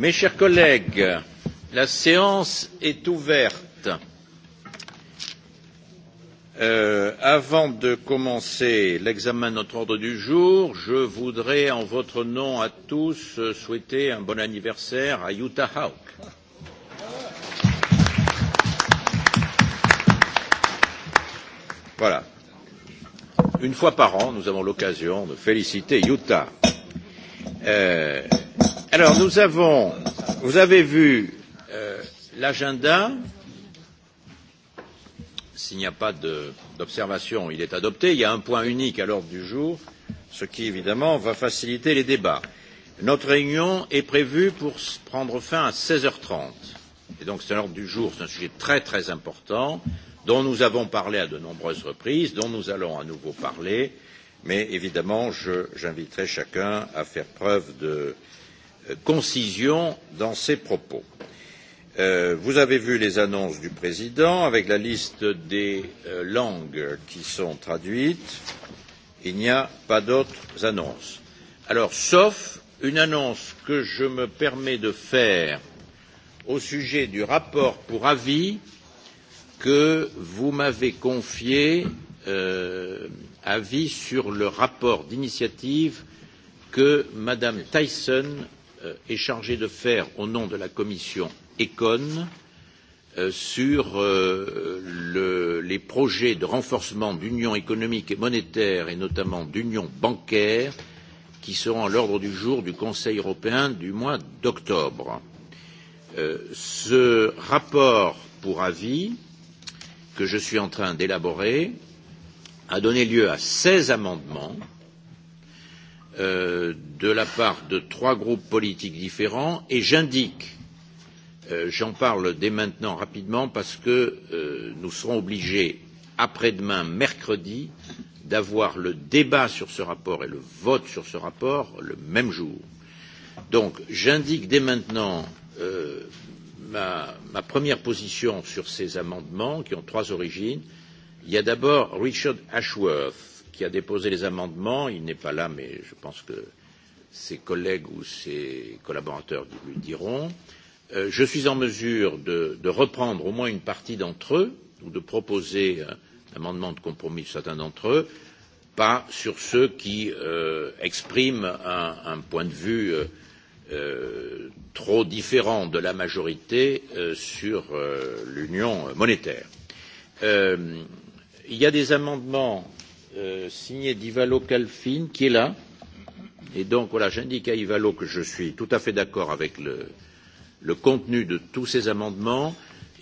Mes chers collègues, la séance est ouverte. Euh, avant de commencer l'examen de notre ordre du jour, je voudrais, en votre nom à tous, souhaiter un bon anniversaire à Utah Hawk. Voilà. Une fois par an, nous avons l'occasion de féliciter Utah. Euh, Alors, nous avons, vous avez vu euh, l'agenda. S'il n'y a pas d'observation, il est adopté. Il y a un point unique à l'ordre du jour, ce qui évidemment va faciliter les débats. Notre réunion est prévue pour prendre fin à 16h30. Et donc c'est l'ordre du jour, c'est un sujet très très important dont nous avons parlé à de nombreuses reprises, dont nous allons à nouveau parler, mais évidemment j'inviterai chacun à faire preuve de, concision dans ses propos. Euh, vous avez vu les annonces du président avec la liste des euh, langues qui sont traduites. Il n'y a pas d'autres annonces. Alors, sauf une annonce que je me permets de faire au sujet du rapport pour avis que vous m'avez confié euh, avis sur le rapport d'initiative que Madame Tyson Euh, est chargé de faire au nom de la commission Econ euh, sur euh, le, les projets de renforcement d'union économique et monétaire et notamment d'union bancaire qui seront à l'ordre du jour du Conseil européen du mois d'octobre. Euh, ce rapport pour avis que je suis en train d'élaborer a donné lieu à 16 amendements euh, Euh, de la part de trois groupes politiques différents et j'indique euh, j'en parle dès maintenant rapidement parce que euh, nous serons obligés après demain mercredi d'avoir le débat sur ce rapport et le vote sur ce rapport le même jour. Donc j'indique dès maintenant euh, ma, ma première position sur ces amendements qui ont trois origines. Il y a d'abord Richard Ashworth qui a déposé les amendements. Il n'est pas là, mais je pense que ses collègues ou ses collaborateurs lui diront. Euh, je suis en mesure de, de reprendre au moins une partie d'entre eux ou de proposer un amendement de compromis de certains d'entre eux, pas sur ceux qui euh, expriment un, un point de vue euh, euh, trop différent de la majorité euh, sur euh, l'union monétaire. Euh, il y a des amendements Euh, signé d'Ivalo Calfin, qui est là. Et donc, voilà, j'indique à Ivalo que je suis tout à fait d'accord avec le, le contenu de tous ces amendements.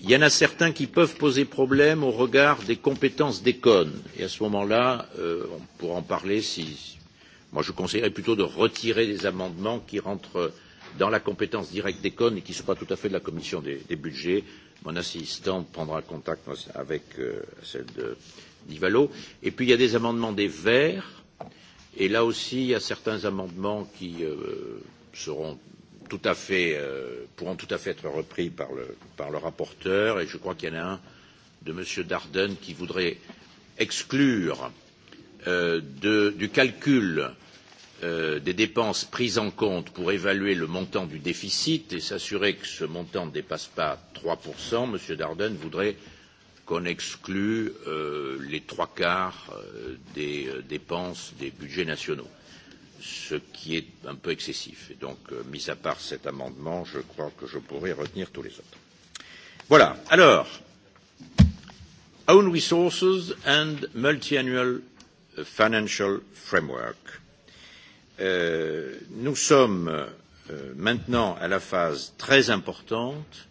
Il y en a certains qui peuvent poser problème au regard des compétences des d'Econ. Et à ce moment-là, euh, on pourra en parler si. Moi, je conseillerais plutôt de retirer des amendements qui rentrent dans la compétence directe des d'Econ et qui ne sont pas tout à fait de la commission des, des budgets. Mon assistant prendra contact avec euh, celle de Nivalo. Et puis il y a des amendements des Verts. Et là aussi, il y a certains amendements qui euh, seront tout à fait, euh, pourront tout à fait être repris par le, par le rapporteur. Et je crois qu'il y en a un de M. Darden qui voudrait exclure euh, de, du calcul euh, des dépenses prises en compte pour évaluer le montant du déficit et s'assurer que ce montant ne dépasse pas 3%, M. Darden voudrait euh, qu'on exclut euh, les trois quarts euh, des euh, dépenses des budgets nationaux, ce qui est un peu excessif. Et donc, euh, mis à part cet amendement, je crois que je pourrais retenir tous les autres. Voilà. Alors, own resources and multiannual euh, financial framework. Euh, nous sommes euh, maintenant à la phase très importante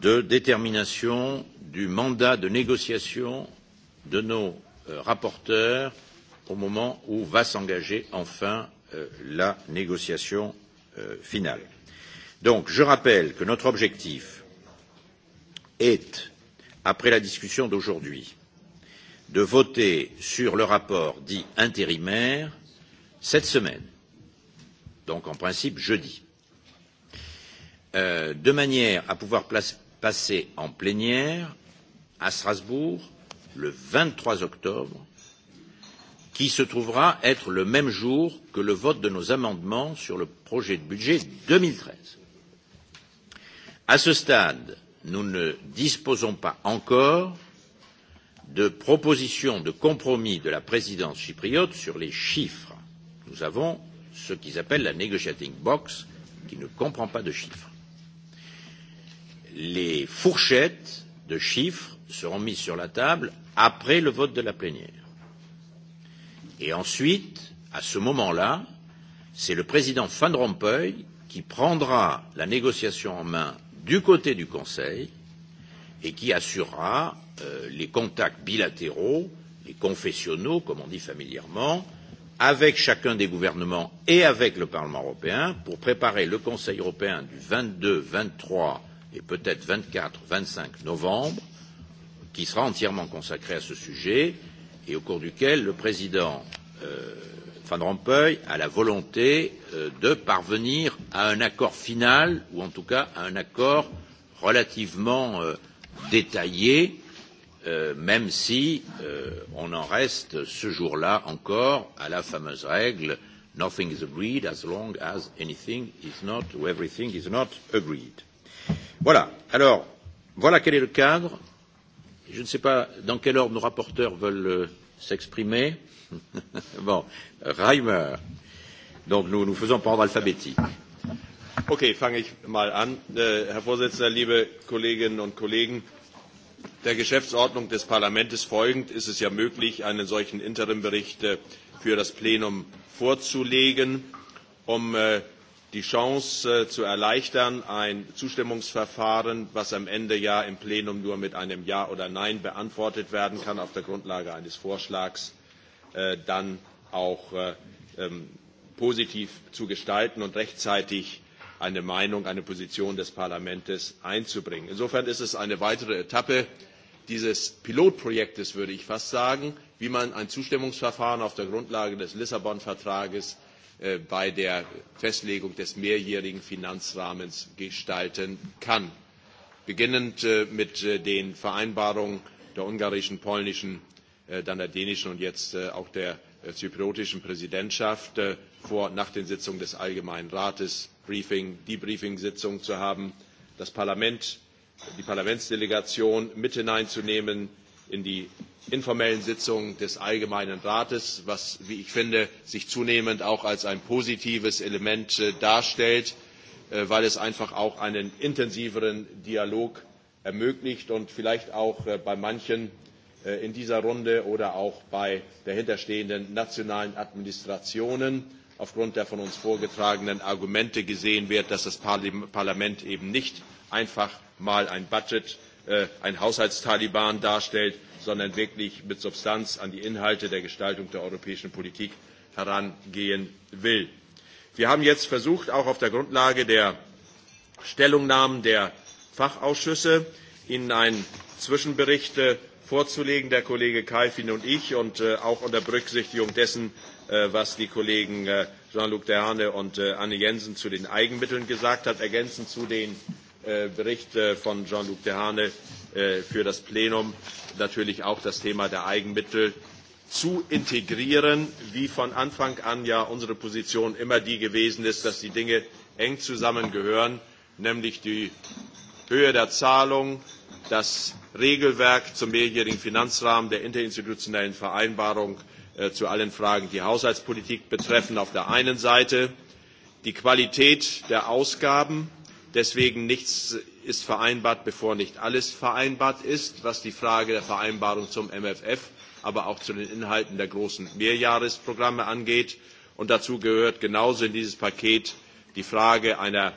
de détermination du mandat de négociation de nos euh, rapporteurs au moment où va s'engager enfin euh, la négociation euh, finale. Donc, je rappelle que notre objectif est, après la discussion d'aujourd'hui, de voter sur le rapport dit intérimaire cette semaine, donc en principe jeudi, euh, de manière à pouvoir place, passer en plénière à Strasbourg le 23 octobre, qui se trouvera être le même jour que le vote de nos amendements sur le projet de budget 2013. À ce stade, nous ne disposons pas encore de propositions de compromis de la présidence chypriote sur les chiffres. Nous avons ce qu'ils appellent la negotiating box, qui ne comprend pas de chiffres les fourchettes de chiffres seront mises sur la table après le vote de la plénière. Et ensuite, à ce moment-là, c'est le président Van Rompuy qui prendra la négociation en main du côté du Conseil et qui assurera euh, les contacts bilatéraux, les confessionnaux, comme on dit familièrement, avec chacun des gouvernements et avec le Parlement européen pour préparer le Conseil européen du 22, 23 et peut-être 24-25 novembre, qui sera entièrement consacré à ce sujet et au cours duquel le président euh, Van Rompuy a la volonté euh, de parvenir à un accord final ou en tout cas à un accord relativement euh, détaillé, euh, même si euh, on en reste ce jour-là encore à la fameuse règle Nothing is agreed as long as anything is not, or everything is not agreed. Voilà. Alors, voilà quel est le cadre. Je ne sais pas dans quel ordre nos rapporteurs veulent euh, s'exprimer. bon, Reimer. Donc nous, nous faisons par ordre alphabétique. Okay, fange ich mal an. Äh, Herr Vorsitzender, liebe Kolleginnen und Kollegen, der Geschäftsordnung des Parlaments folgend ist es ja möglich, einen solchen Interimbericht äh, für das Plenum vorzulegen, um äh, die Chance äh, zu erleichtern, ein Zustimmungsverfahren, was am Ende ja im Plenum nur mit einem Ja oder Nein beantwortet werden kann, auf der Grundlage eines Vorschlags, äh, dann auch äh, ähm, positiv zu gestalten und rechtzeitig eine Meinung, eine Position des Parlaments einzubringen. Insofern ist es eine weitere Etappe dieses Pilotprojektes, würde ich fast sagen, wie man ein Zustimmungsverfahren auf der Grundlage des Lissabon-Vertrages Äh, bei der Festlegung des mehrjährigen Finanzrahmens gestalten kann. Beginnend äh, mit äh, den Vereinbarungen der ungarischen, polnischen, dann der dänischen und jetzt auch der zypriotischen Präsidentschaft vor, nach den Sitzungen des Allgemeinen Rates Briefing, Debriefing-Sitzungen zu haben, das Parlament, die Parlamentsdelegation mit hineinzunehmen, in die informellen Sitzungen des Allgemeinen Rates, was, wie ich finde, sich zunehmend auch als ein positives Element äh, darstellt, äh, weil es einfach auch einen intensiveren Dialog ermöglicht und vielleicht auch äh, bei manchen in dieser Runde oder auch bei dahinterstehenden nationalen Administrationen aufgrund der von uns vorgetragenen Argumente gesehen wird, dass das Parlament eben nicht einfach mal ein Budget Äh, ein Haushaltstaliban darstellt, sondern wirklich mit Substanz an die Inhalte der Gestaltung der europäischen Politik herangehen will. Wir haben jetzt versucht, auch auf der Grundlage der Stellungnahmen der Fachausschüsse Ihnen einen Zwischenbericht äh, vorzulegen, der Kollege Kalfin und ich, und äh, auch unter Berücksichtigung dessen, was die Kollegen Jean-Luc Dehaene und Anne Jensen zu den Eigenmitteln gesagt hat, ergänzend zu den Äh, Bericht äh, von Jean-Luc Dehane äh, für das Plenum natürlich auch das Thema der Eigenmittel zu integrieren, wie von Anfang an ja unsere Position immer die gewesen ist, dass die Dinge eng zusammengehören, nämlich die Höhe der Zahlung, das Regelwerk zum mehrjährigen Finanzrahmen der interinstitutionellen Vereinbarung zu allen Fragen, die Haushaltspolitik betreffen, auf der einen Seite, die Qualität der Ausgaben Deswegen nichts ist vereinbart, bevor nicht alles vereinbart ist, was die Frage der Vereinbarung zum MFF, aber auch zu den Inhalten der großen Mehrjahresprogramme angeht. Und dazu gehört genauso in dieses Paket die Frage einer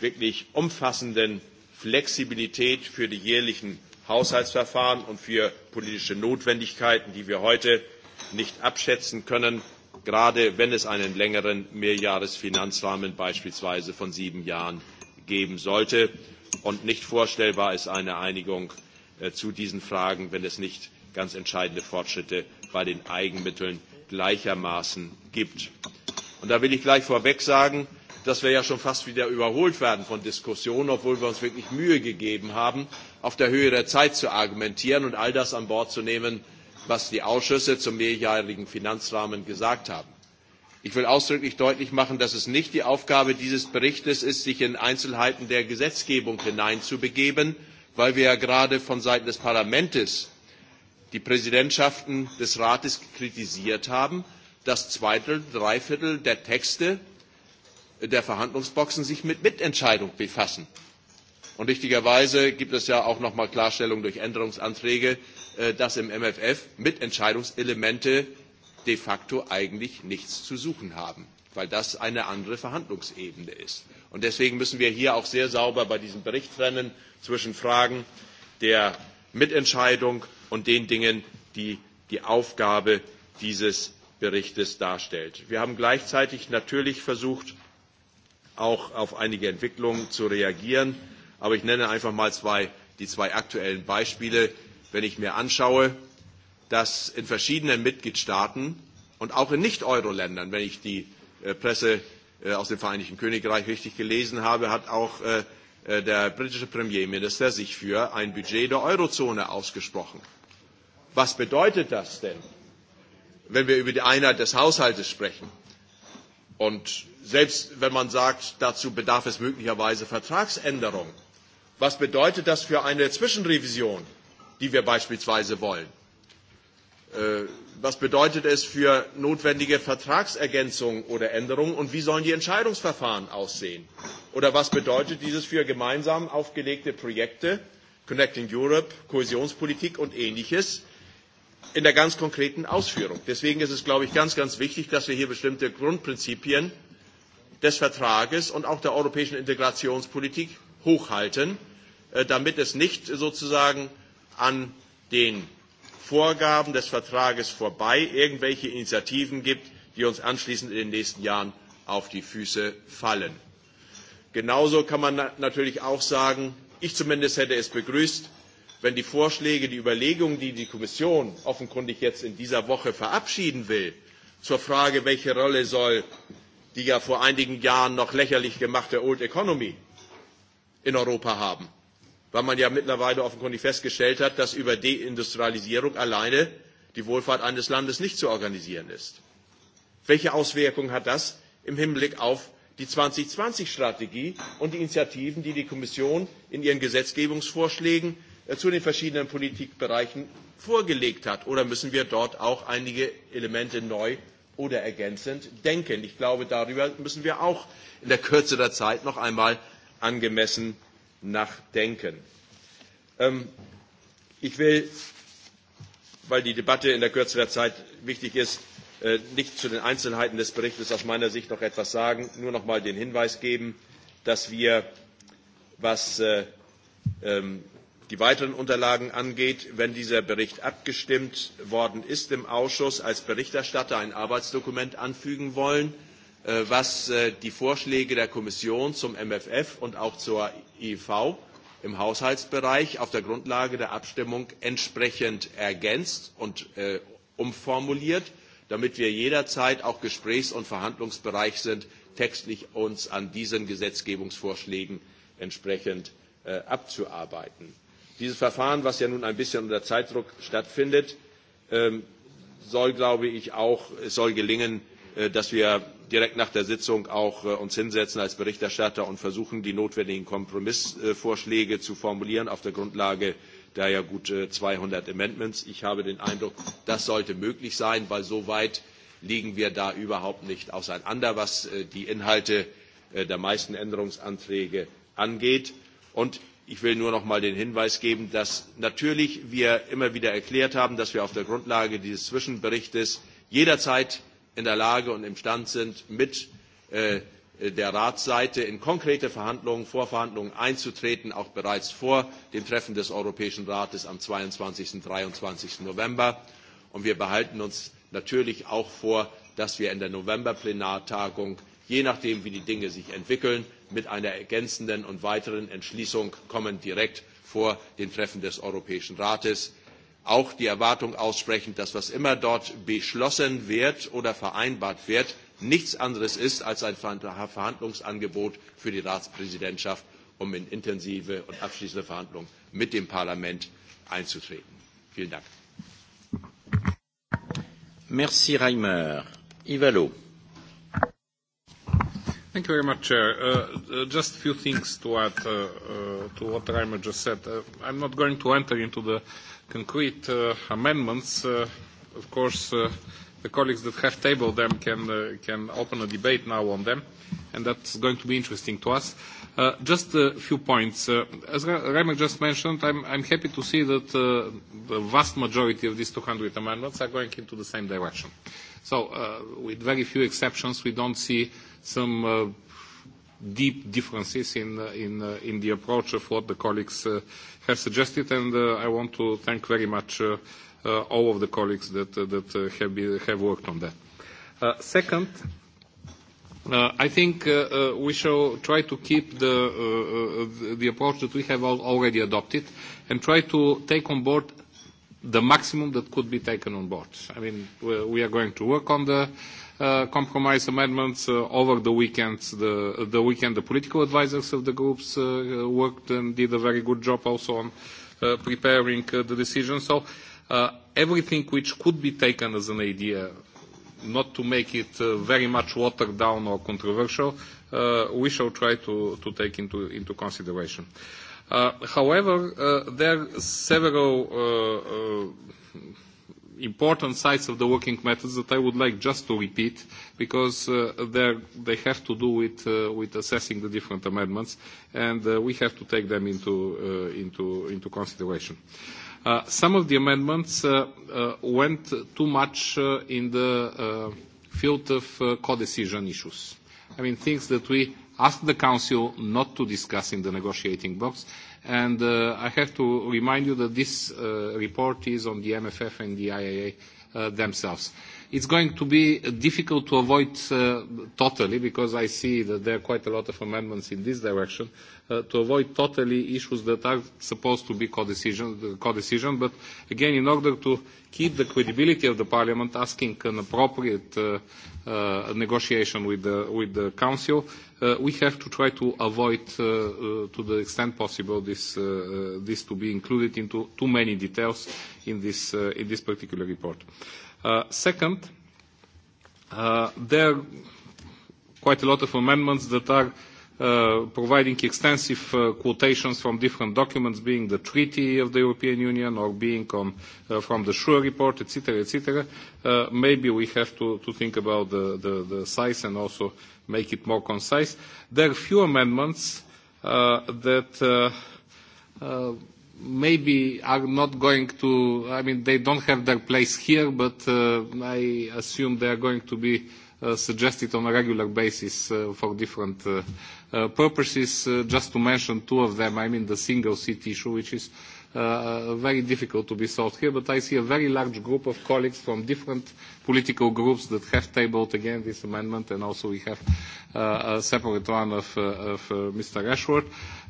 wirklich umfassenden Flexibilität für die jährlichen Haushaltsverfahren und für politische Notwendigkeiten, die wir heute nicht abschätzen können, gerade wenn es einen längeren Mehrjahresfinanzrahmen beispielsweise von sieben Jahren geben sollte. Und nicht vorstellbar ist eine Einigung äh, zu diesen Fragen, wenn es nicht ganz entscheidende Fortschritte bei den Eigenmitteln gleichermaßen gibt. Und da will ich gleich vorweg sagen, dass wir ja schon fast wieder überholt werden von Diskussionen, obwohl wir uns wirklich Mühe gegeben haben, auf der Höhe der Zeit zu argumentieren und all das an Bord zu nehmen, was die Ausschüsse zum mehrjährigen Finanzrahmen gesagt haben. Ich will ausdrücklich deutlich machen, dass es nicht die Aufgabe dieses Berichtes ist, sich in Einzelheiten der Gesetzgebung hineinzubegeben, weil wir ja gerade von Seiten des Parlaments die Präsidentschaften des Rates kritisiert haben, dass zwei Drittel, drei Viertel der Texte äh, der Verhandlungsboxen sich mit Mitentscheidung befassen. Und richtigerweise gibt es ja auch nochmal Klarstellung durch Änderungsanträge, äh, dass im MFF Mitentscheidungselemente de facto eigentlich nichts zu suchen haben, weil das eine andere Verhandlungsebene ist. Und deswegen müssen wir hier auch sehr sauber bei diesem Bericht trennen zwischen Fragen der Mitentscheidung und den Dingen, die die Aufgabe dieses Berichtes darstellt. Wir haben gleichzeitig natürlich versucht, auch auf einige Entwicklungen zu reagieren. Aber ich nenne einfach mal zwei, die zwei aktuellen Beispiele. Wenn ich mir anschaue, dass in verschiedenen Mitgliedstaaten und auch in Nicht-Euro-Ländern, wenn ich die äh, Presse äh, aus dem Vereinigten Königreich richtig gelesen habe, hat auch äh, der britische Premierminister sich für ein Budget der Eurozone ausgesprochen. Was bedeutet das denn, wenn wir über die Einheit des Haushaltes sprechen? Und selbst wenn man sagt, dazu bedarf es möglicherweise Vertragsänderungen, was bedeutet das für eine Zwischenrevision, die wir beispielsweise wollen? Äh, was bedeutet es für notwendige Vertragsergänzungen oder Änderungen und wie sollen die Entscheidungsverfahren aussehen? Oder was bedeutet dieses für gemeinsam aufgelegte Projekte, Connecting Europe, Kohäsionspolitik und ähnliches in der ganz konkreten Ausführung? Deswegen ist es, glaube ich, ganz, ganz wichtig, dass wir hier bestimmte Grundprinzipien des Vertrages und auch der europäischen Integrationspolitik hochhalten, äh, damit es nicht sozusagen an den Vorgaben des Vertrages vorbei irgendwelche Initiativen gibt, die uns anschließend in den nächsten Jahren auf die Füße fallen. Genauso kann man natürlich auch sagen, ich zumindest hätte es begrüßt, wenn die Vorschläge, die Überlegungen, die die Kommission offenkundig jetzt in dieser Woche verabschieden will, zur Frage, welche Rolle soll die ja vor einigen Jahren noch lächerlich gemachte Old Economy in Europa haben, weil man ja mittlerweile offenkundig festgestellt hat, dass über Deindustrialisierung alleine die Wohlfahrt eines Landes nicht zu organisieren ist. Welche Auswirkungen hat das im Hinblick auf die 2020-Strategie und die Initiativen, die die Kommission in ihren Gesetzgebungsvorschlägen äh, zu den verschiedenen Politikbereichen vorgelegt hat? Oder müssen wir dort auch einige Elemente neu oder ergänzend denken? Ich glaube, darüber müssen wir auch in der Kürze der Zeit noch einmal angemessen nachdenken. Ähm, ich will, weil die Debatte in der Kürze der Zeit wichtig ist, äh, nicht zu den Einzelheiten des Berichts aus meiner Sicht noch etwas sagen, nur noch mal den Hinweis geben, dass wir, was äh, ähm, die weiteren Unterlagen angeht, wenn dieser Bericht abgestimmt worden ist im Ausschuss, als Berichterstatter ein Arbeitsdokument anfügen wollen, äh, was äh, die Vorschläge der Kommission zum MFF und auch zur IV im Haushaltsbereich auf der Grundlage der Abstimmung entsprechend ergänzt und äh, umformuliert, damit wir jederzeit auch Gesprächs- und Verhandlungsbereich sind, textlich uns an diesen Gesetzgebungsvorschlägen entsprechend äh, abzuarbeiten. Dieses Verfahren, was ja nun ein bisschen unter Zeitdruck stattfindet, ähm, soll, glaube ich, auch, es soll gelingen, Äh, dass wir direkt nach der Sitzung auch äh, uns hinsetzen als Berichterstatter und versuchen, die notwendigen Kompromissvorschläge zu formulieren auf der Grundlage der ja gut 200 äh, Amendments. Ich habe den Eindruck, das sollte möglich sein, weil so weit liegen wir da überhaupt nicht auseinander, was die Inhalte der meisten Änderungsanträge angeht. Und ich will nur noch mal den Hinweis geben, dass natürlich wir immer wieder erklärt haben, dass wir auf der Grundlage dieses Zwischenberichtes jederzeit in der Lage und imstand sind, mit äh, der Ratsseite in konkrete Verhandlungen, Vorverhandlungen einzutreten, auch bereits vor dem Treffen des Europäischen Rates am 22. und 23. November. Und wir behalten uns natürlich auch vor, dass wir in der Novemberplenartagung, je nachdem, wie die Dinge sich entwickeln, mit einer ergänzenden und weiteren Entschließung kommen, direkt vor dem Treffen des Europäischen Rates auch die Erwartung aussprechen, dass was immer dort beschlossen wird oder vereinbart wird, nichts anderes ist als ein Verhandlungsangebot für die Ratspräsidentschaft, um in intensive und abschließende Verhandlungen mit dem Parlament einzutreten. Vielen Dank. Merci, Reimer. Ivalo. Thank you very much, Chair. Uh, uh, just a few things to add uh, uh to what Reimer just said. Uh, I'm not going to enter into the concrete uh, amendments, uh, of course, uh, the colleagues that have tabled them can, uh, can open a debate now on them, and that's going to be interesting to us. Uh, just a few points. Uh, as Reimer just mentioned, I'm, I'm happy to see that uh, the vast majority of these 200 amendments are going into the same direction. So, uh, with very few exceptions, we don't see some uh, deep differences in, uh, in, uh, in the approach of what the colleagues uh, have suggested, and I want to thank very much all of the colleagues that, that have, been, have worked on that. Second, Uh, I think uh, uh, we shall try to keep the, the approach that we have al already adopted and try to take on board the maximum that could be taken on board. I mean, we are going to work on the uh, compromise amendments. Uh, over the weekend, the, the weekend, the political advisors of the groups uh, uh, worked and did a very good job also on uh, preparing uh, the decision. So uh, everything which could be taken as an idea, not to make it uh, very much watered down or controversial, uh, we shall try to, to take into, into consideration. Uh, however, uh, there are several uh, uh, important sides of the working methods that I would like just to repeat because uh, they have to do with, uh, with assessing the different amendments and uh, we have to take them into, uh, into, into consideration. Uh, some of the amendments uh, uh, went too much uh, in the uh, field of uh, co-decision issues. I mean, things that we asked the Council not to discuss in the negotiating box And uh, I have to remind you that this uh, report is on the MFF and the IAA uh, themselves. It's going to be difficult to avoid uh, totally, because I see that there are quite a lot of amendments in this direction, uh, to avoid totally issues that are supposed to be co-decision, co But again, in order to keep the credibility of the Parliament, asking an appropriate uh, uh, negotiation with the, with the Council, uh, we have to try to avoid, uh, uh, to the extent possible, this, uh, uh, this to be included into too many details in this, uh, in this particular report. Uh, Uh, second, uh, there are quite a lot of amendments that are uh, providing extensive quotations from different documents, being the Treaty of the European Union or being from the Sure report, etc., etc. maybe we have to, think about the, size and also make it more concise. There are few amendments that maybe are not going to, I mean, they don't have their place here, but uh, I assume they are going to be uh, suggested on a regular basis uh, for different uh, uh, purposes. Uh, just to mention two of them, I mean, the single seat issue, which is uh, uh, very difficult to be solved here, but I see a very large group of colleagues from different political groups that have tabled again this amendment, and also we have uh, a separate one of, uh, of uh, Mr. Ashworth.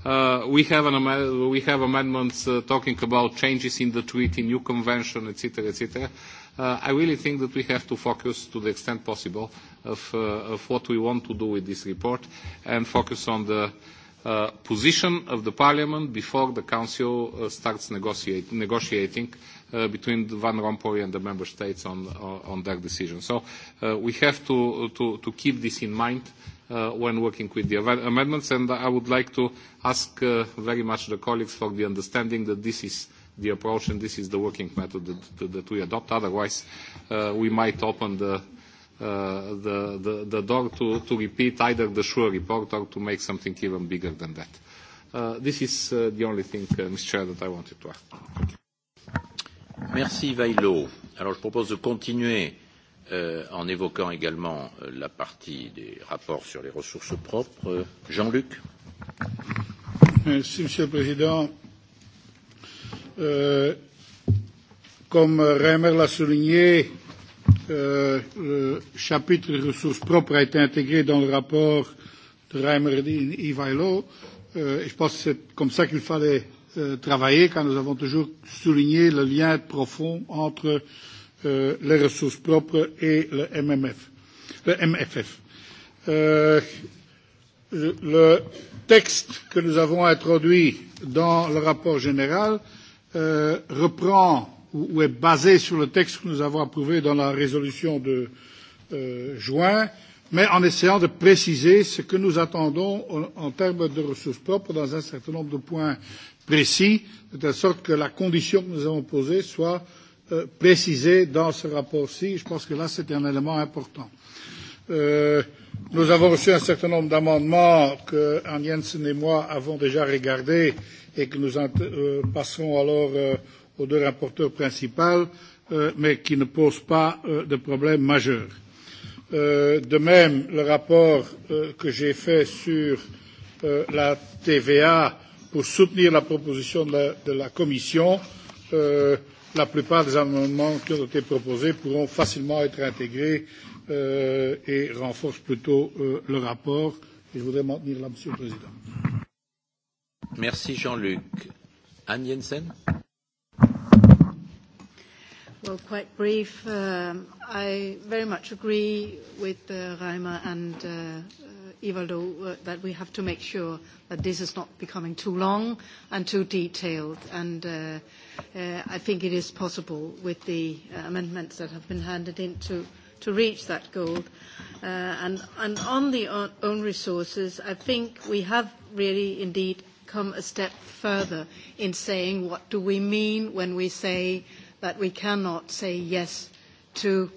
Uh, we, have an, we have amendments uh, talking about changes in the treaty, new convention, etc., etc. Uh, I really think that we have to focus to the extent possible of, uh, of what we want to do with this report and focus on the Uh, position of the Parliament before the Council uh, starts negotiate, negotiating uh, between Van Rompuy and the Member States on, that uh, on their decision. So uh, we have to, to, to keep this in mind uh, when working with the amendments, and I would like to ask uh, very much the colleagues for the understanding that this is the approach and this is the working method that, that we adopt. Otherwise, uh, we might open the Uh, the, the, the door to, to repeat either the Sure report or to make something even bigger than that. Uh, this is uh, the only thing, uh, Mr. Chair, that I wanted to ask. Merci, Vailo. Alors, je propose de continuer euh, en évoquant également euh, la partie des rapports sur les ressources propres. Euh, Jean-Luc. Merci, Monsieur le Président. Euh, comme Reimer l'a souligné, euh, Euh, euh, chapitre des ressources propres a été intégré dans le rapport de Reimer et Ivailo. Euh, et je pense que c'est comme ça qu'il fallait euh, travailler, car nous avons toujours souligné le lien profond entre euh, les ressources propres et le MMF, le MFF. Euh, le texte que nous avons introduit dans le rapport général euh, reprend euh, ou, ou est basé sur le texte que nous avons approuvé dans la résolution de euh, juin, mais en essayant de préciser ce que nous attendons en, en termes de ressources propres dans un certain nombre de points précis, de telle sorte que la condition que nous avons posée soit euh, précisée dans ce rapport-ci. Je pense que là, c'est un élément important. Euh, nous avons reçu un certain nombre d'amendements que Anne Jensen et moi avons déjà regardés et que nous euh, passerons alors euh, aux deux rapporteurs principaux, euh, mais qui ne pose pas euh, de problème majeur. Euh, de même, le rapport euh, que j'ai fait sur euh, la TVA pour soutenir la proposition de la, de la Commission, euh, la plupart des amendements qui ont été proposés pourront facilement être intégrés euh, et renforcent plutôt euh, le rapport. Et je voudrais m'en tenir là, Monsieur le Président. Merci Jean-Luc. Anne Jensen. Well, quite brief. Um, I very much agree with uh, Reimer and uh, uh, Ivaldo uh, that we have to make sure that this is not becoming too long and too detailed. And uh, uh, I think it is possible with the uh, amendments that have been handed in to, to reach that goal. Uh, and, and on the own resources, I think we have really indeed come a step further in saying what do we mean when we say that we cannot say yes to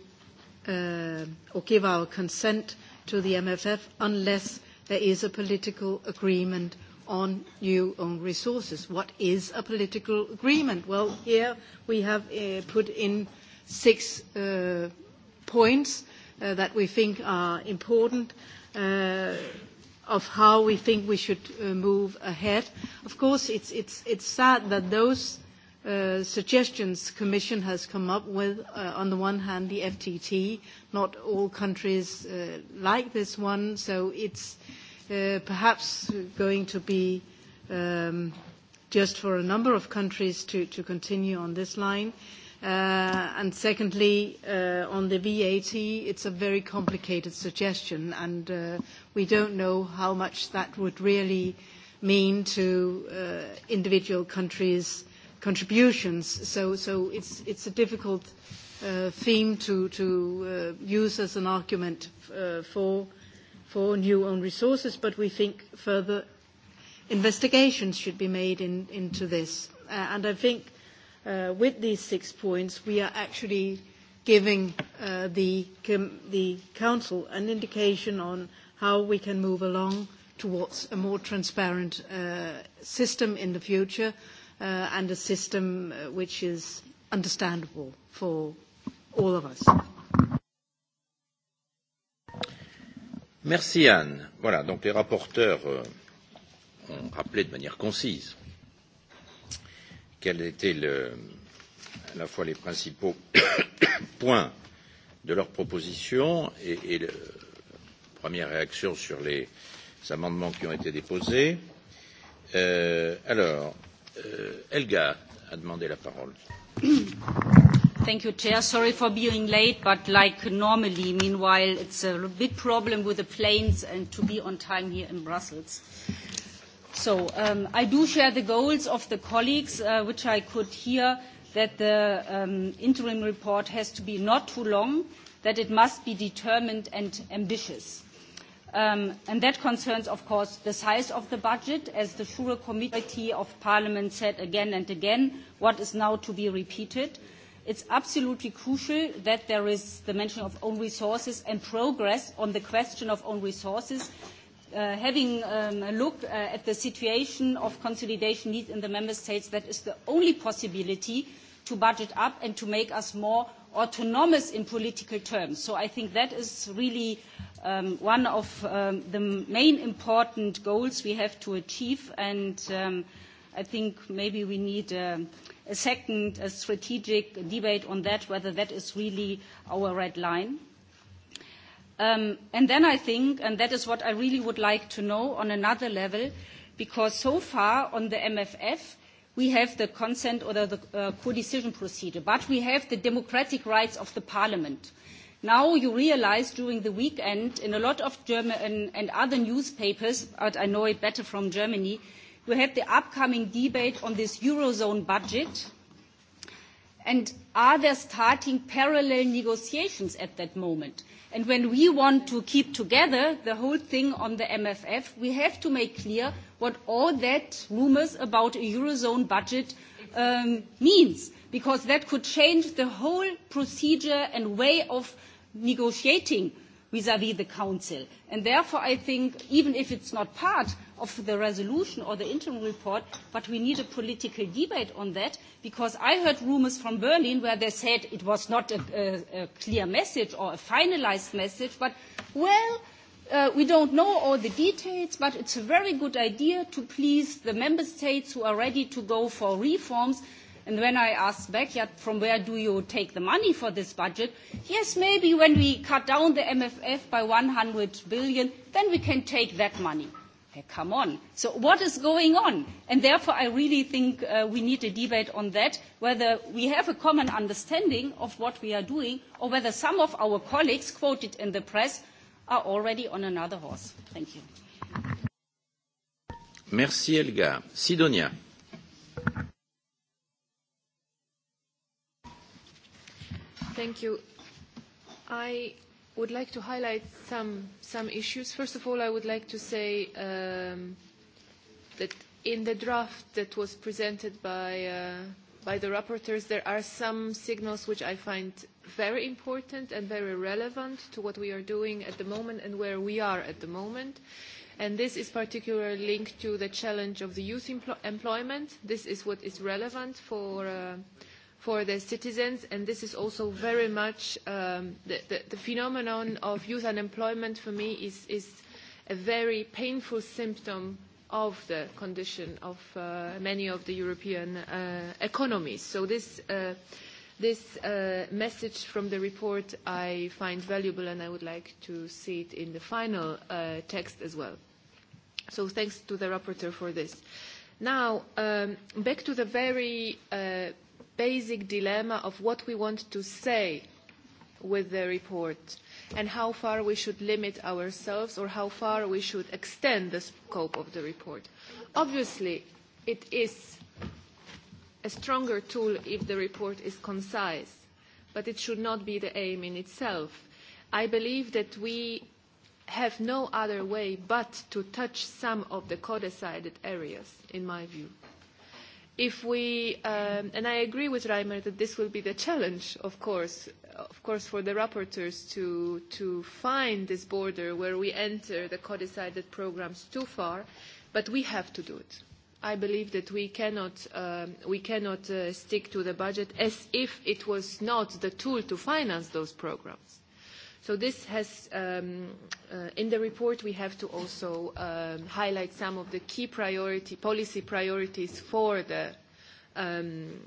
uh, or give our consent to the MFF unless there is a political agreement on new own resources. What is a political agreement? Well, here we have uh, put in six uh, points uh, that we think are important uh, of how we think we should uh, move ahead. Of course, it's, it's, it's sad that those Uh, suggestions the Commission has come up with. Uh, on the one hand, the FTT. Not all countries uh, like this one, so it's uh, perhaps going to be um, just for a number of countries to, to continue on this line. Uh, and secondly, on the VAT, it's a very complicated suggestion, and we don't know how much that would really mean to individual countries' contributions. So, so it's, it's a difficult uh, theme to, to uh, use as an argument uh, for, for new own resources, but we think further investigations should be made in, into this. Uh, and I think uh, with these six points, we are actually giving uh, the, com- the Council an indication on how we can move along towards a more transparent uh, system in the future uh, and a system uh, which is understandable for all of us. Merci Anne. Voilà, donc les rapporteurs euh, ont rappelé de manière concise quels étaient le, à la fois les principaux points de leur proposition et, et le, première réaction sur les amendements qui ont été déposés. Euh, alors, Euh, Helga a demandé la parole. Thank you, Chair. Sorry for being late, but like normally, meanwhile, it's a big problem with the planes and to be on time here in Brussels. So um, I do share the goals of the colleagues, uh, which I could hear that the um, interim report has to be not too long, that it must be determined and ambitious. Um, and that concerns, of course, the size of the budget, as the Sure Committee of Parliament said again and again, what is now to be repeated. It's absolutely crucial that there is the mention of own resources and progress on the question of own resources. Uh, having um, a look uh, at the situation of consolidation needs in the member states, that is the only possibility to budget up and to make us more autonomous in political terms. So I think that is really uh, Um, one of um, the main important goals we have to achieve, and um, I think maybe we need a, um, a second a strategic debate on that, whether that is really our red line. Um, and then I think, and that is what I really would like to know on another level, because so far on the MFF, we have the consent or the, the uh, co-decision procedure, but we have the democratic rights of the parliament. Uh, Now you realize during the weekend in a lot of German and other newspapers, but I know it better from Germany, we had the upcoming debate on this Eurozone budget. And are there starting parallel negotiations at that moment? And when we want to keep together the whole thing on the MFF, we have to make clear what all that rumors about a Eurozone budget um, means because that could change the whole procedure and way of negotiating vis-à-vis -vis the Council. And therefore, I think, even if it's not part of the resolution or the interim report, but we need a political debate on that, because I heard rumours from Berlin where they said it was not a, a, a clear message or a finalised message, but, well, uh, we don't know all the details, but it's a very good idea to please the member states who are ready to go for reforms And when I asked back, yeah, from where do you take the money for this budget? Yes, maybe when we cut down the MFF by 100 billion, then we can take that money. Hey, come on. So what is going on? And therefore, I really think uh, we need a debate on that, whether we have a common understanding of what we are doing, or whether some of our colleagues quoted in the press are already on another horse. Thank you. Merci, Elga. Sidonia. Thank you. I would like to highlight some, issues. First of all, I would like to say um, that in the draft that was presented uh, by, the rapporteurs, there are some signals which I find very important and very relevant to what we are doing at the moment and where we are at the moment. this is particularly linked to the challenge of the youth employment. This is what is relevant for uh, for the citizens, and this is also very much um, the, the, the phenomenon of youth unemployment for me is, is a very painful symptom of the condition of uh, many of the European uh, economies. So this, uh, this uh, message from the report I find valuable and I would like to see it in the final uh, text as well. So thanks to the rapporteur for this. Now, um, back to the very uh, basic dilemma of what we want to say with the report and how far we should limit ourselves or how far we should extend the scope of the report. Obviously, it is a stronger tool if the report is concise, but it should not be the aim in itself. I believe that we have no other way but to touch some of the co-decided areas, in my view if we, um, and I agree with Reimer that this will be the challenge, of course, of course, for the rapporteurs to, to find this border where we enter the codecided decided programs too far, but we have to do it. I believe that we cannot, um, we cannot uh, stick to the budget as if it was not the tool to finance those programs So this has, um, uh, in the report, we have to also um, highlight some of the key priority, policy priorities for the um,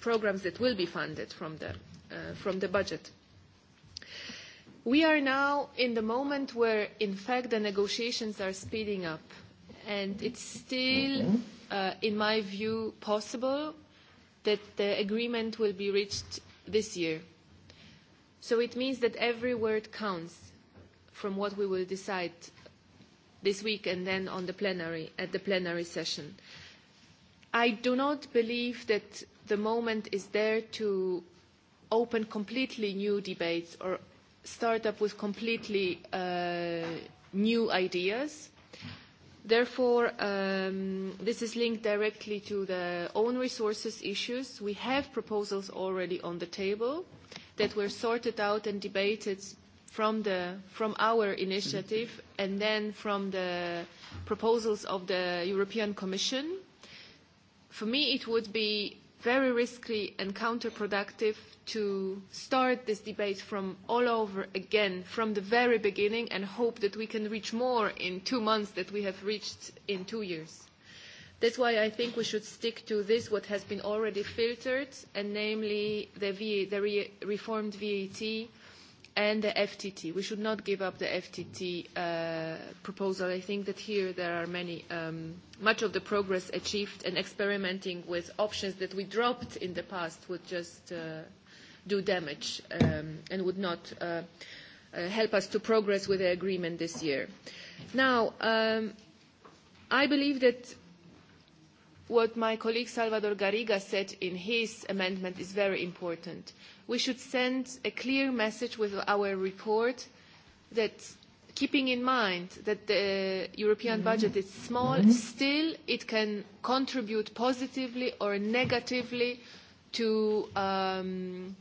programs that will be funded from the, uh, from the budget. We are now in the moment where, in fact, the negotiations are speeding up, and it's still, mm-hmm. uh, in my view, possible that the agreement will be reached this year So it means that every word counts from what we will decide this week and then on the plenary, at the plenary session. I do not believe that the moment is there to open completely new debates or start up with completely uh, new ideas. Therefore, um, this is linked directly to the own resources issues. We have proposals already on the table that were sorted out and debated from, the, from our initiative and then from the proposals of the European Commission. For me, it would be very risky and counterproductive to start this debate from all over again from the very beginning and hope that we can reach more in two months than we have reached in two years. That's why I think we should stick to this, what has been already filtered, and namely the, v, the re, reformed VAT and the FTT. We should not give up the FTT uh, proposal. I think that here there are many, um, much of the progress achieved and experimenting with options that we dropped in the past would just uh, do damage um, and would not uh, uh, help us to progress with the agreement this year. Now, um, I believe that what my colleague Salvador Garriga said in his amendment is very important. We should send a clear message with our report that keeping in mind that the European mm-hmm. budget is small, mm-hmm. still it can contribute positively or negatively to, um,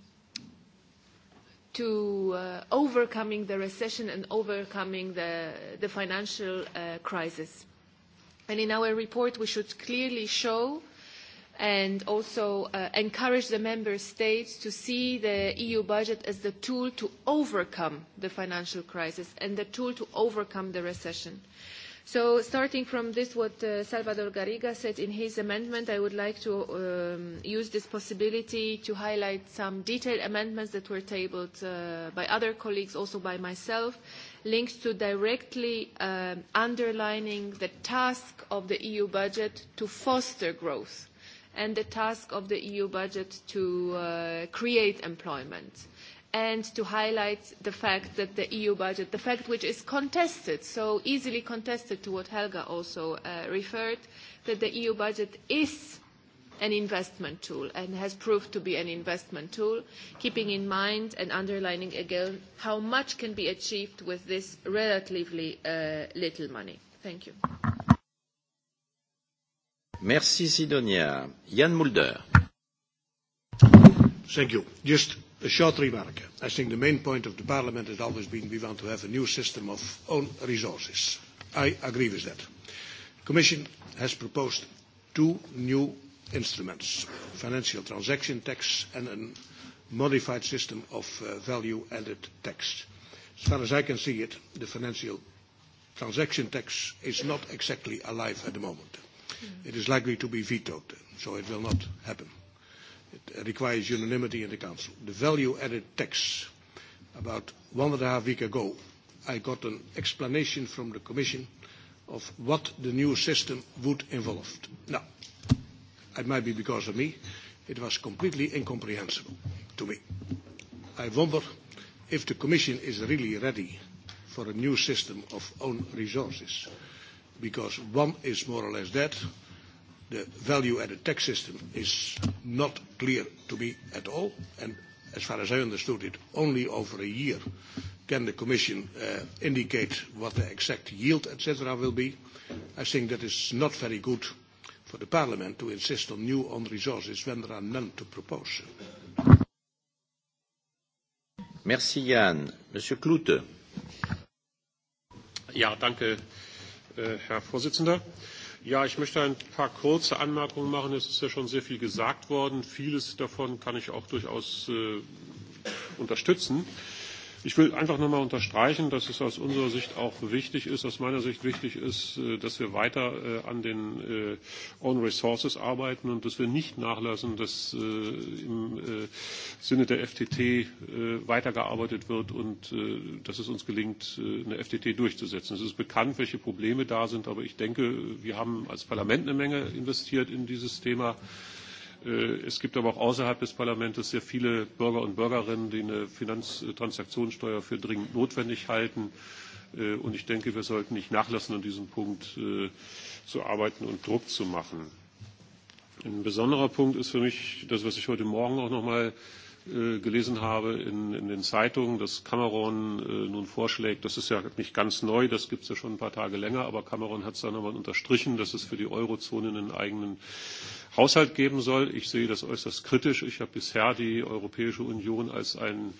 to uh, overcoming the recession and overcoming the, the financial uh, crisis. And in our report, we should clearly show and also uh, encourage the member states to see the EU budget as the tool to overcome the financial crisis and the tool to overcome the recession. So starting from this, what uh, Salvador Garriga said in his amendment, I would like to um, use this possibility to highlight some detailed amendments that were tabled uh, by other colleagues, also by myself, uh, links to directly um, underlining the task of the EU budget to foster growth and the task of the EU budget to uh, create employment and to highlight the fact that the EU budget, the fact which is contested, so easily contested to what Helga also uh, referred, that the EU budget is an investment tool and has proved to be an investment tool, keeping in mind and underlining again how much can be achieved with this relatively uh, little money. Thank you. Merci, Sidonia. Jan Mulder. Thank you. Just a short remark. I think the main point of the parliament has always been we want to have a new system of own resources. I agree with that. The Commission has proposed two new instruments, financial transaction tax, and a modified system of uh, value-added tax. As far as I can see it, the financial transaction tax is not exactly alive at the moment. It is likely to be vetoed, so it will not happen. It requires unanimity in the Council. The value-added tax, about one and a half week ago, I got an explanation from the Commission of what the new system would involve. Now, it might be because of me, it was completely incomprehensible to me. I wonder if the Commission is really ready for a new system of own resources, because one is more or less dead. The value added tax system is not clear to me at all, and as far as I understood it, only over a year can the Commission uh, indicate what the exact yield, etc., will be. I think that is not very good for the Parliament to insist on new own resources when there are none to propose. Merci Jan. Monsieur Klute. Ja, danke, äh, Herr Vorsitzender. Ja, ich möchte ein paar kurze Anmerkungen machen. Es ist ja schon sehr viel gesagt worden. Vieles davon kann ich auch durchaus äh, unterstützen. Äh, Ich will einfach nochmal unterstreichen, dass es aus unserer Sicht auch wichtig ist, aus meiner Sicht wichtig ist, äh, dass wir weiter äh, an den äh, Own Resources arbeiten und dass wir nicht nachlassen, dass im Sinne der FTT weitergearbeitet wird und dass es uns gelingt, eine FTT durchzusetzen. Es ist bekannt, welche Probleme da sind, aber ich denke, wir haben als Parlament eine Menge investiert in dieses Thema. Äh, es gibt aber auch außerhalb des Parlaments sehr viele Bürger und Bürgerinnen, die eine Finanztransaktionssteuer für dringend notwendig halten. Äh, und ich denke, wir sollten nicht nachlassen, an diesem Punkt äh, zu arbeiten und Druck zu machen. Ein besonderer Punkt ist für mich das, was ich heute Morgen auch noch mal gelesen habe in, in den Zeitungen, dass Cameron äh, nun vorschlägt, das ist ja nicht ganz neu, das gibt es ja schon ein paar Tage länger, aber Cameron hat es dann nochmal unterstrichen, dass es für die Eurozone einen eigenen Haushalt geben soll. Ich sehe das äußerst kritisch. Ich habe bisher die Europäische Union als einen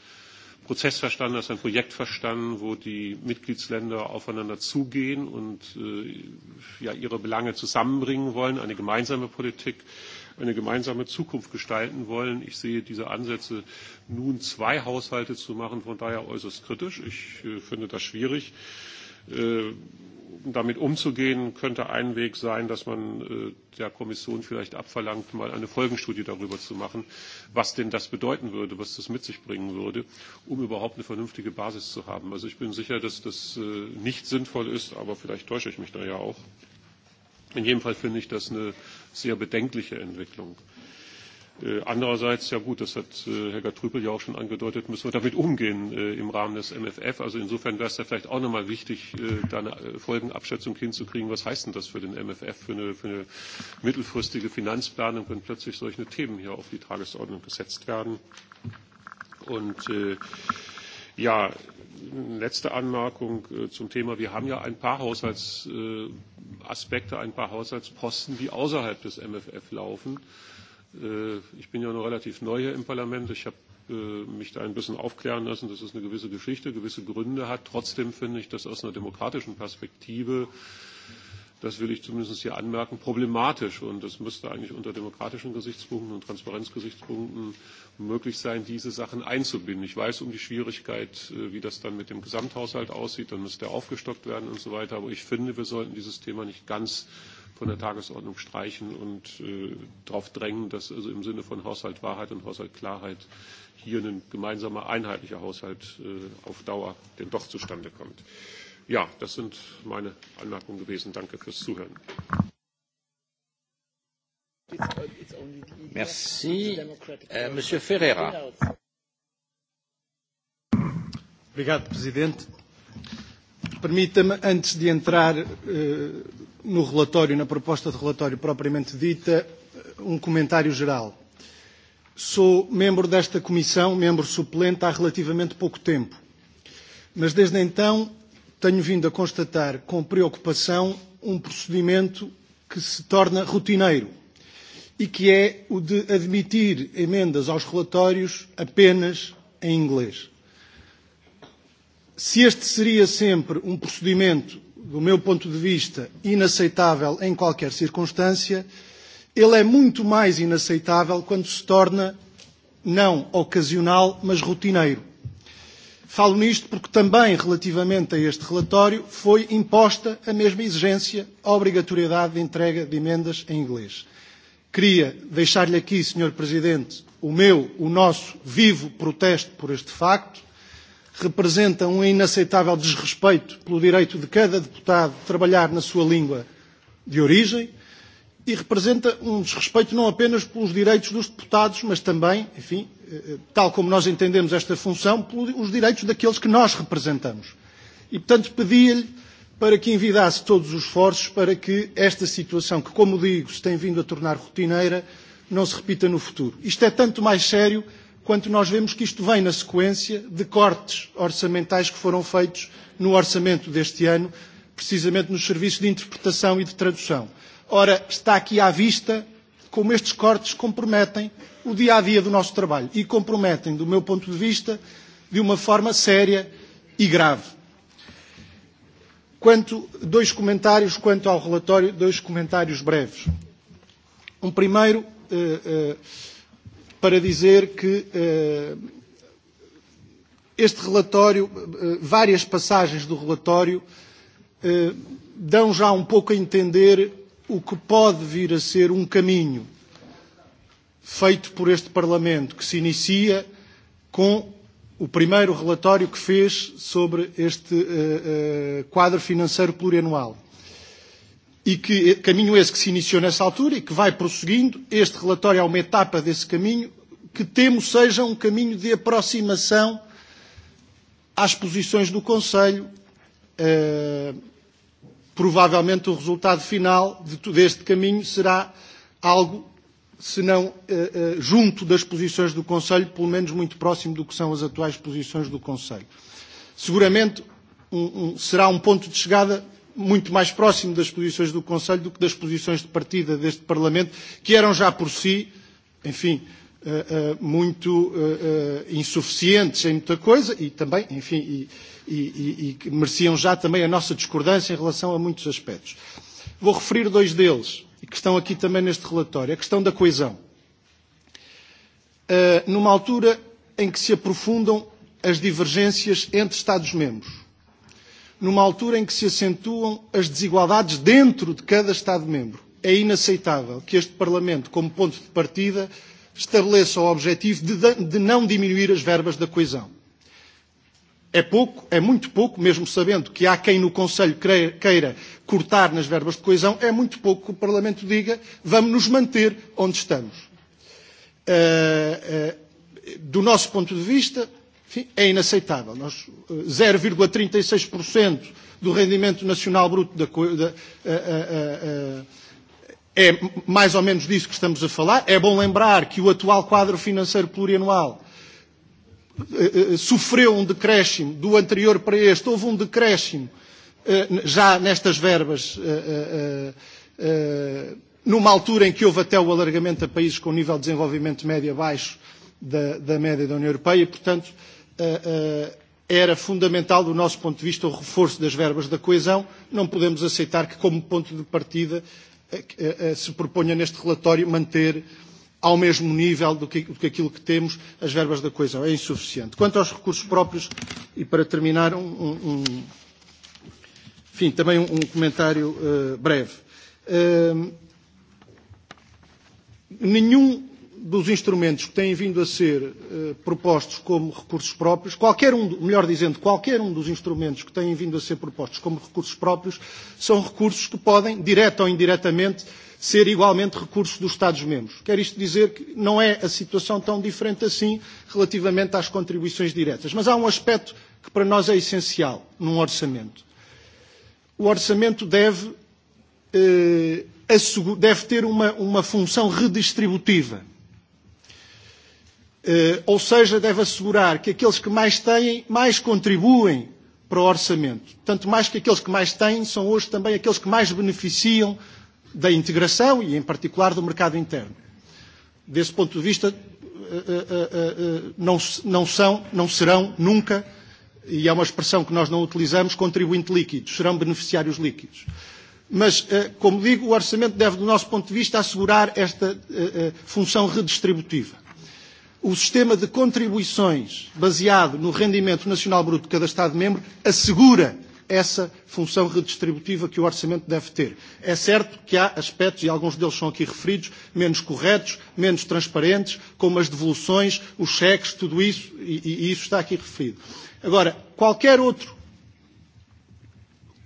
Prozess verstanden, als ein Projekt verstanden, wo die Mitgliedsländer aufeinander zugehen und äh, ja, ihre Belange zusammenbringen wollen, eine gemeinsame Politik, eine gemeinsame Zukunft gestalten wollen. Ich sehe diese Ansätze, nun zwei Haushalte zu machen, von daher äußerst kritisch. Ich äh, finde das schwierig. Äh, damit umzugehen, könnte ein Weg sein, dass man äh, der Kommission vielleicht abverlangt, mal eine Folgenstudie darüber zu machen, was denn das bedeuten würde, was das mit sich bringen würde, um überhaupt eine vernünftige Basis zu haben. Also ich bin sicher, dass das äh, nicht sinnvoll ist, aber vielleicht täusche ich mich da ja auch. In jedem Fall finde ich das eine sehr bedenkliche Entwicklung. Äh, andererseits, ja gut, das hat äh, Herr Trüpel ja auch schon angedeutet, müssen wir damit umgehen äh, im Rahmen des MFF. Also insofern wäre es ja vielleicht auch nochmal wichtig, da eine Folgenabschätzung hinzukriegen. Was heißt denn das für den MFF, für eine, für eine mittelfristige Finanzplanung, wenn plötzlich solche Themen hier auf die Tagesordnung gesetzt werden? Und äh, ja, letzte Anmerkung äh, zum Thema. Wir haben ja ein paar Haushaltsaspekte, äh, ein paar Haushaltsposten, die außerhalb des MFF laufen. Äh, Äh, ich bin ja noch relativ neu hier im Parlament. Ich habe äh, mich da ein bisschen aufklären lassen, dass es eine gewisse Geschichte, gewisse Gründe hat. Trotzdem finde ich das aus einer demokratischen Perspektive, das will ich zumindest hier anmerken, problematisch. Und es müsste eigentlich unter demokratischen Gesichtspunkten und Transparenzgesichtspunkten möglich sein, diese Sachen einzubinden. Ich weiß um die Schwierigkeit, äh, wie das dann mit dem Gesamthaushalt aussieht. Dann müsste er aufgestockt werden und so weiter. Aber ich finde, wir sollten dieses Thema nicht ganz von der Tagesordnung streichen und äh, darauf drängen, dass also im Sinne von Haushalt Wahrheit und Haushalt Klarheit hier ein gemeinsamer einheitlicher Haushalt äh, auf Dauer denn doch zustande kommt. Ja, das sind meine Anmerkungen gewesen. Danke fürs Zuhören. Merci. Uh, Monsieur Ferreira. Obrigado, Presidente. Permita-me, antes de entrar uh, no relatório, na proposta de relatório propriamente dita, um comentário geral. Sou membro desta comissão, membro suplente, há relativamente pouco tempo. Mas desde então tenho vindo a constatar com preocupação um procedimento que se torna rotineiro e que é o de admitir emendas aos relatórios apenas em inglês. Se este seria sempre um procedimento, do meu ponto de vista, inaceitável em qualquer circunstância, ele é muito mais inaceitável quando se torna não ocasional, mas rotineiro. Falo nisto porque também, relativamente a este relatório, foi imposta a mesma exigência, a obrigatoriedade de entrega de emendas em inglês. Queria deixar-lhe aqui, Sr. Presidente, o meu, o nosso vivo protesto por este facto representa um inaceitável desrespeito pelo direito de cada deputado de trabalhar na sua língua de origem e representa um desrespeito não apenas pelos direitos dos deputados, mas também, enfim, eh, eh, tal como nós entendemos esta função, pelos direitos daqueles que nós representamos. E, portanto, pedia-lhe para que envidasse todos os esforços para que esta situação, que, como digo, se tem vindo a tornar rotineira, não se repita no futuro. Isto é tanto mais sério quando nós vemos que isto vem na sequência de cortes orçamentais que foram feitos no orçamento deste ano, precisamente nos serviços de interpretação e de tradução. Ora, está aqui à vista como estes cortes comprometem o dia a dia do nosso trabalho e comprometem, do meu ponto de vista, de uma forma séria e grave. Quanto, dois comentários quanto ao relatório, dois comentários breves. Um primeiro, eh, eh, para dizer que uh, este relatório, uh, várias passagens do relatório, uh, dão já um pouco a entender o que pode vir a ser um caminho feito por este Parlamento, que se inicia com o primeiro relatório que fez sobre este uh, uh, quadro financeiro plurianual e que e, caminho esse que se iniciou nessa altura e que vai prosseguindo. Este relatório é uma etapa desse caminho que temo seja um caminho de aproximação às posições do Conselho. Uh, provavelmente o resultado final de todo este caminho será algo, se não uh, uh, junto das posições do Conselho, pelo menos muito próximo do que são as atuais posições do Conselho. Seguramente um, um, será um ponto de chegada muito mais próximo das posições do Conselho do que das posições de partida deste Parlamento, que eram já por si, enfim, uh, uh, muito uh, uh, insuficientes em muita coisa e também, enfim, e, e, e, e que mereciam já também a nossa discordância em relação a muitos aspectos. Vou referir dois deles, e que estão aqui também neste relatório, a questão da coesão. Uh, numa altura em que se aprofundam as divergências entre Estados-membros, numa altura em que se acentuam as desigualdades dentro de cada Estado-membro. É inaceitável que este Parlamento, como ponto de partida, estabeleça o objetivo de, de não diminuir as verbas da coesão. É pouco, é muito pouco, mesmo sabendo que há quem no Conselho queira cortar nas verbas de coesão, é muito pouco que o Parlamento diga vamos nos manter onde estamos. Uh, uh, do nosso ponto de vista, Enfim, é inaceitável. Nós, 0,36% eh, e do rendimento nacional bruto da, da, a, a, a, a, é mais ou menos disso que estamos a falar. É bom lembrar que o atual quadro financeiro plurianual eh, eh, sofreu um decréscimo do anterior para este, houve um decréscimo já nestas verbas, numa altura em que houve até o alargamento a países com nível de desenvolvimento médio abaixo da, da média da União Europeia, portanto, Eh, eh, era fundamental, do nosso ponto de vista, o reforço das verbas da coesão. Não podemos aceitar que, como ponto de partida, eh, se proponha neste relatório manter ao mesmo nível do que, do que aquilo que temos as verbas da coesão. É insuficiente. Quanto aos recursos próprios, e para terminar, um, um, um enfim, também um, um comentário uh, breve. Uh, nenhum dos instrumentos que têm vindo a ser uh, propostos como recursos próprios, qualquer um, melhor dizendo, qualquer um dos instrumentos que têm vindo a ser propostos como recursos próprios, são recursos que podem, direta ou indiretamente, ser igualmente recursos dos Estados-membros. Quer isto dizer que não é a situação tão diferente assim relativamente às contribuições diretas. Mas há um aspecto que para nós é essencial num orçamento. O orçamento deve, eh, deve ter uma, uma função redistributiva Uh, ou seja, deve assegurar que aqueles que mais têm, mais contribuem para o orçamento. Tanto mais que aqueles que mais têm são hoje também aqueles que mais beneficiam da integração e, em particular, do mercado interno. Desse ponto de vista, eh, eh, não, não, são, não serão nunca, e é uma expressão que nós não utilizamos, contribuintes líquidos, serão beneficiários líquidos. Mas, como digo, o orçamento deve, do nosso ponto de vista, assegurar esta função redistributiva. O sistema de contribuições baseado no rendimento nacional bruto de cada Estado-membro assegura essa função redistributiva que o orçamento deve ter. É certo que há aspectos, e alguns deles são aqui referidos, menos corretos, menos transparentes, como as devoluções, os cheques, tudo isso, e, e, e isso está aqui referido. Agora, qualquer outro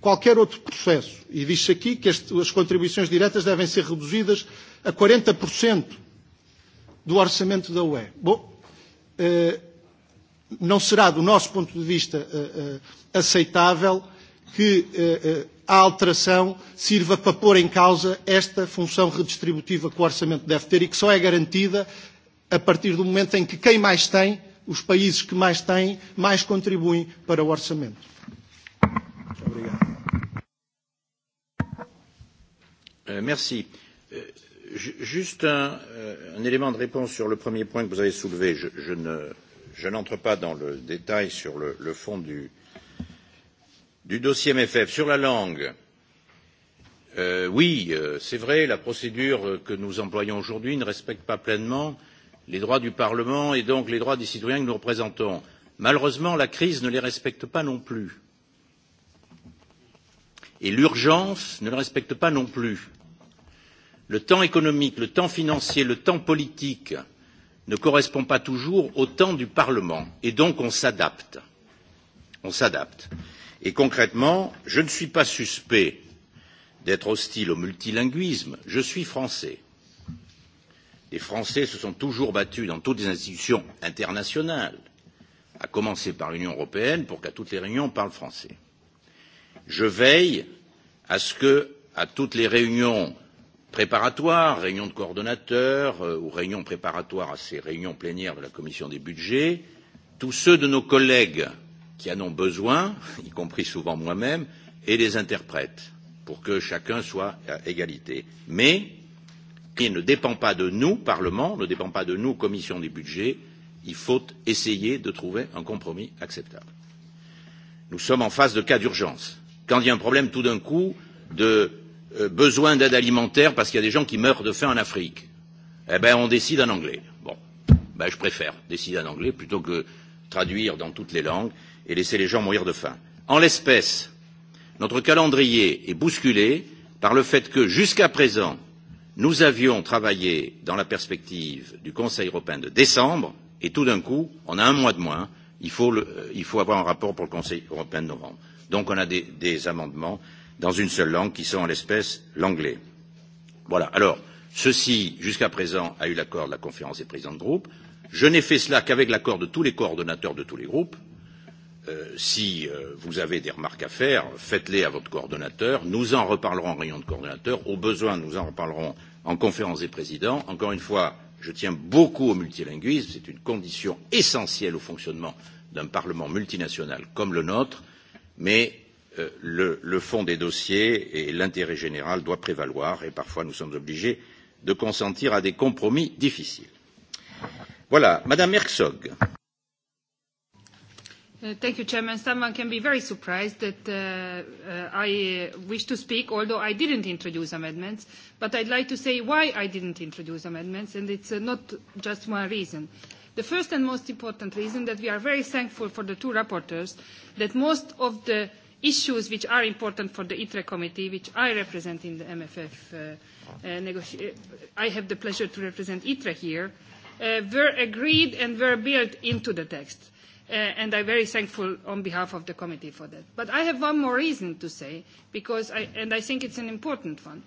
qualquer outro processo, e diz-se aqui que este, as contribuições diretas devem ser reduzidas a 40% do orçamento da UE. Bom, eh, não será do nosso ponto de vista eh, eh, aceitável que a alteração sirva para pôr em causa esta função redistributiva que o orçamento deve ter e que só é garantida a partir do momento em que quem mais tem, os países que mais têm, mais contribuem para o orçamento. Muito obrigado. Merci. Juste un, euh, un élément de réponse sur le premier point que vous avez soulevé. Je, je, ne, je n'entre pas dans le détail sur le, le fond du, du dossier MFF. Sur la langue, euh, oui, euh, c'est vrai, la procédure euh, que nous employons aujourd'hui ne respecte pas pleinement les droits du Parlement et donc les droits des citoyens que nous représentons. Malheureusement, la crise ne les respecte pas non plus. Et l'urgence ne le respecte pas non plus le temps économique, le temps financier, le temps politique ne correspond pas toujours au temps du Parlement et donc on s'adapte. On s'adapte. Et concrètement, je ne suis pas suspect d'être hostile au multilinguisme, je suis français. Les Français se sont toujours battus dans toutes les institutions internationales, à commencer par l'Union européenne, pour qu'à toutes les réunions, on parle français. Je veille à ce que, à toutes les réunions préparatoires, réunions de coordonnateurs euh, ou réunions préparatoires à ces réunions plénières de la commission des budgets, tous ceux de nos collègues qui en ont besoin, y compris souvent moi-même, et les interprètes, pour que chacun soit à égalité. Mais il ne dépend pas de nous, Parlement, ne dépend pas de nous, Commission des budgets, il faut essayer de trouver un compromis acceptable. Nous sommes en phase de cas d'urgence. Quand il y a un problème tout d'un coup de Euh, besoin d'aide alimentaire parce qu'il y a des gens qui meurent de faim en Afrique. Eh bien, on décide en anglais. Bon, ben, je préfère décider en anglais plutôt que traduire dans toutes les langues et laisser les gens mourir de faim. En l'espèce, notre calendrier est bousculé par le fait que, jusqu'à présent, nous avions travaillé dans la perspective du Conseil européen de décembre, et tout d'un coup, on a un mois de moins, il faut, le, euh, il faut avoir un rapport pour le Conseil européen de novembre. Donc on a des, des amendements dans une seule langue, qui sont en l'espèce l'anglais. Voilà. Alors, ceci, jusqu'à présent, a eu l'accord de la conférence des présidents de groupe. Je n'ai fait cela qu'avec l'accord de tous les coordonnateurs de tous les groupes. Euh, si euh, vous avez des remarques à faire, faites-les à votre coordonnateur. Nous en reparlerons en réunion de coordonnateurs. Au besoin, nous en reparlerons en conférence des présidents. Encore une fois, je tiens beaucoup au multilinguisme. C'est une condition essentielle au fonctionnement d'un Parlement multinational comme le nôtre. Mais Euh, le, le fond des dossiers et l'intérêt général doit prévaloir et parfois nous sommes obligés de consentir à des compromis difficiles. Voilà, Madame Herzog. Uh, thank you, Chairman. Someone can be very surprised that uh, uh, I uh, wish to speak, although I didn't introduce amendments. But I'd like to say why I didn't introduce amendments, and it's uh, not just one reason. The first and most important reason that we are very thankful for the two rapporteurs that most of the issues which are important for the ITRE committee, which I represent in the MFF, uh, uh, uh, I have the pleasure to represent ITRE here, uh, were agreed and were built into the text. Uh, and I'm very thankful on behalf of the committee for that. But I have one more reason to say, because I, and I think it's an important one.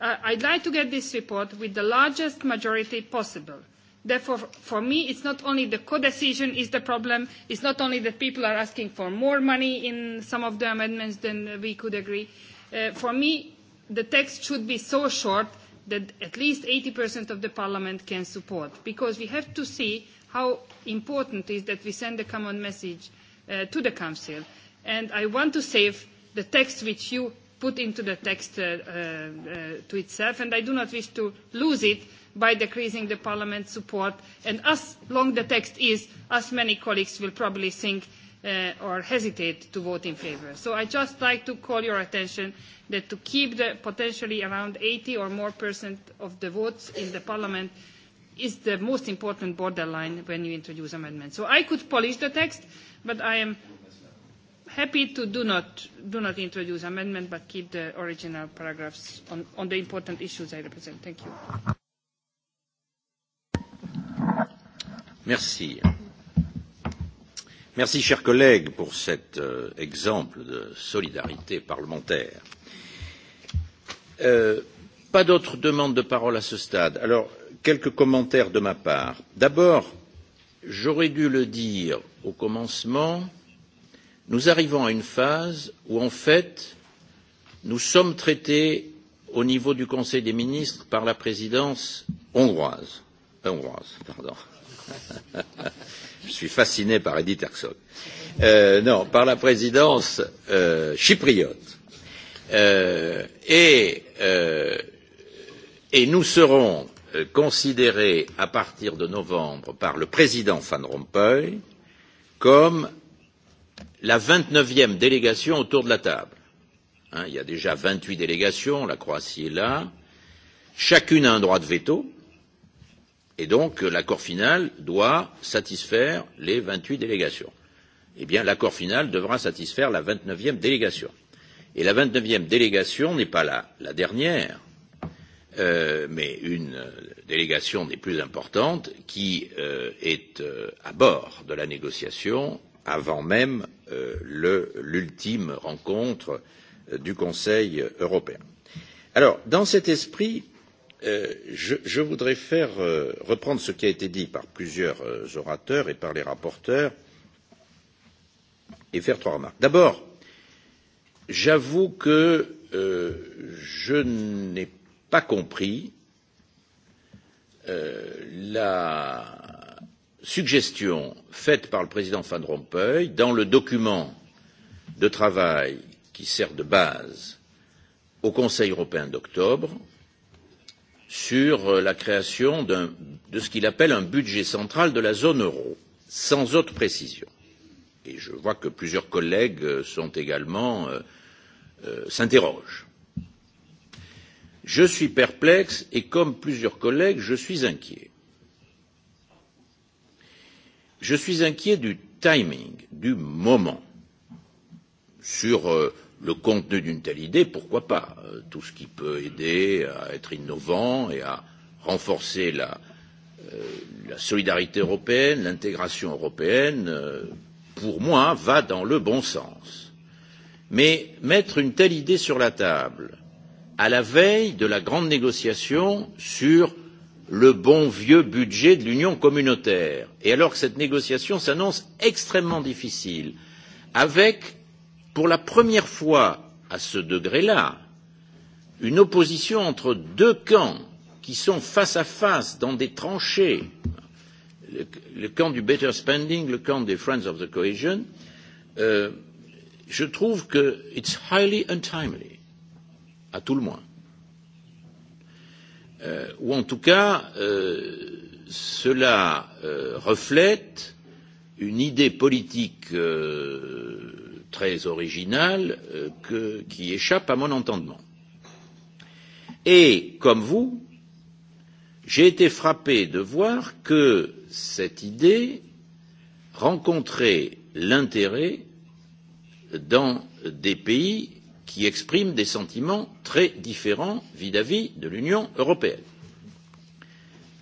Uh, I'd like to get this report with the largest majority possible Therefore, for me, it's not only the co-decision is the problem, it's not only that people are asking for more money in some of the amendments than we could agree. Uh, for me, the text should be so short that at least 80% of the parliament can support, because we have to see how important it is that we send a common message uh, to the council. And I want to save the text which you put into the text uh, uh, uh to itself, and I do not wish to lose it by decreasing the parliament's support. And as long the text is, as many colleagues will probably think uh, or hesitate to vote in favour. So I just like to call your attention that to keep the potentially around 80 or more percent of the votes in the parliament is the most important borderline when you introduce amendments. So I could polish the text, but I am happy to do not, do not introduce amendment, but keep the original paragraphs on, on the important issues I represent. Thank you. Merci. chers collègues, pour cet euh, exemple de solidarité parlementaire. Euh, pas d'autres demandes de parole à ce stade. Alors, quelques commentaires de ma part. D'abord, j'aurais dû le dire au commencement, nous arrivons à une phase où, en fait, nous sommes traités au niveau du Conseil des ministres par la présidence hongroise. hongroise pardon. Je suis fasciné par Edith Herzog. Euh, non, par la présidence euh, chypriote. Euh, et, euh, et nous serons euh, considérés à partir de novembre par le président Van Rompuy comme la 29e délégation autour de la table. Hein, il y a déjà 28 délégations, la Croatie est là, chacune a un droit de veto, Et donc, euh, l'accord final doit satisfaire les vingt huit délégations. Eh bien, l'accord final devra satisfaire la 29e délégation. Et la 29e délégation n'est pas la, la dernière, euh, mais une euh, délégation des plus importantes qui euh, est euh, à bord de la négociation avant même euh, l'ultime rencontre euh, du Conseil européen. Alors, dans cet esprit, euh, Euh, je, voudrais faire euh, reprendre ce qui a été dit par plusieurs euh, orateurs et par les rapporteurs et faire trois remarques. D'abord, j'avoue que je n'ai pas compris euh, la suggestion faite par le président Van Rompuy dans le document de travail qui sert de base au Conseil européen d'octobre, euh, sur euh, la création de ce qu'il appelle un budget central de la zone euro, sans autre précision. Et je vois que plusieurs collègues euh, sont également euh, euh, s'interrogent. Je suis perplexe et, comme plusieurs collègues, je suis inquiet. Je suis inquiet du timing, du moment, sur euh, le contenu d'une telle idée, pourquoi pas euh, Tout ce qui peut aider à être innovant et à renforcer la, euh, la solidarité européenne, l'intégration européenne, euh, pour moi, va dans le bon sens. Mais mettre une telle idée sur la table à la veille de la grande négociation sur le bon vieux budget de l'Union communautaire, et alors que cette négociation s'annonce extrêmement difficile, avec pour la première fois à ce degré-là, une opposition entre deux camps qui sont face à face dans des tranchées, le, le camp du better spending, le camp des friends of the cohesion, euh, je trouve que it's highly untimely, à tout le moins. Euh, ou en tout cas, euh, cela euh, reflète une idée politique euh, très original euh, que, qui échappe à mon entendement. Et, comme vous, j'ai été frappé de voir que cette idée rencontrait l'intérêt dans des pays qui expriment des sentiments très différents vis à vis de l'Union européenne.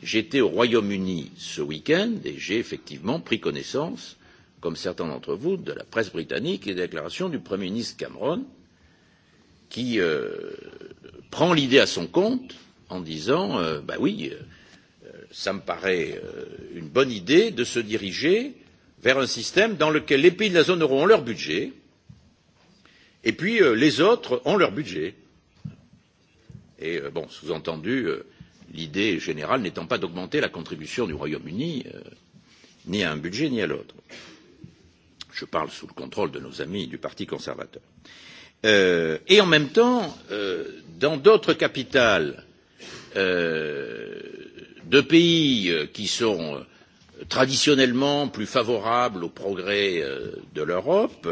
J'étais au Royaume Uni ce week end et j'ai effectivement pris connaissance euh, comme certains d'entre vous, de la presse britannique et des déclarations du Premier ministre Cameron, qui euh, prend l'idée à son compte en disant euh, bah oui, euh, euh, ça me paraît euh, une bonne idée de se diriger vers un système dans lequel les pays de la zone euro ont leur budget et puis euh, les autres ont leur budget. Et euh, bon, sous entendu, euh, l'idée générale n'étant pas d'augmenter la contribution du Royaume Uni euh, ni à un budget ni à l'autre. Je parle sous le contrôle de nos amis du Parti conservateur. Euh, et en même temps, euh, dans d'autres capitales euh, de pays euh, qui sont euh, traditionnellement plus favorables au progrès euh, de l'Europe,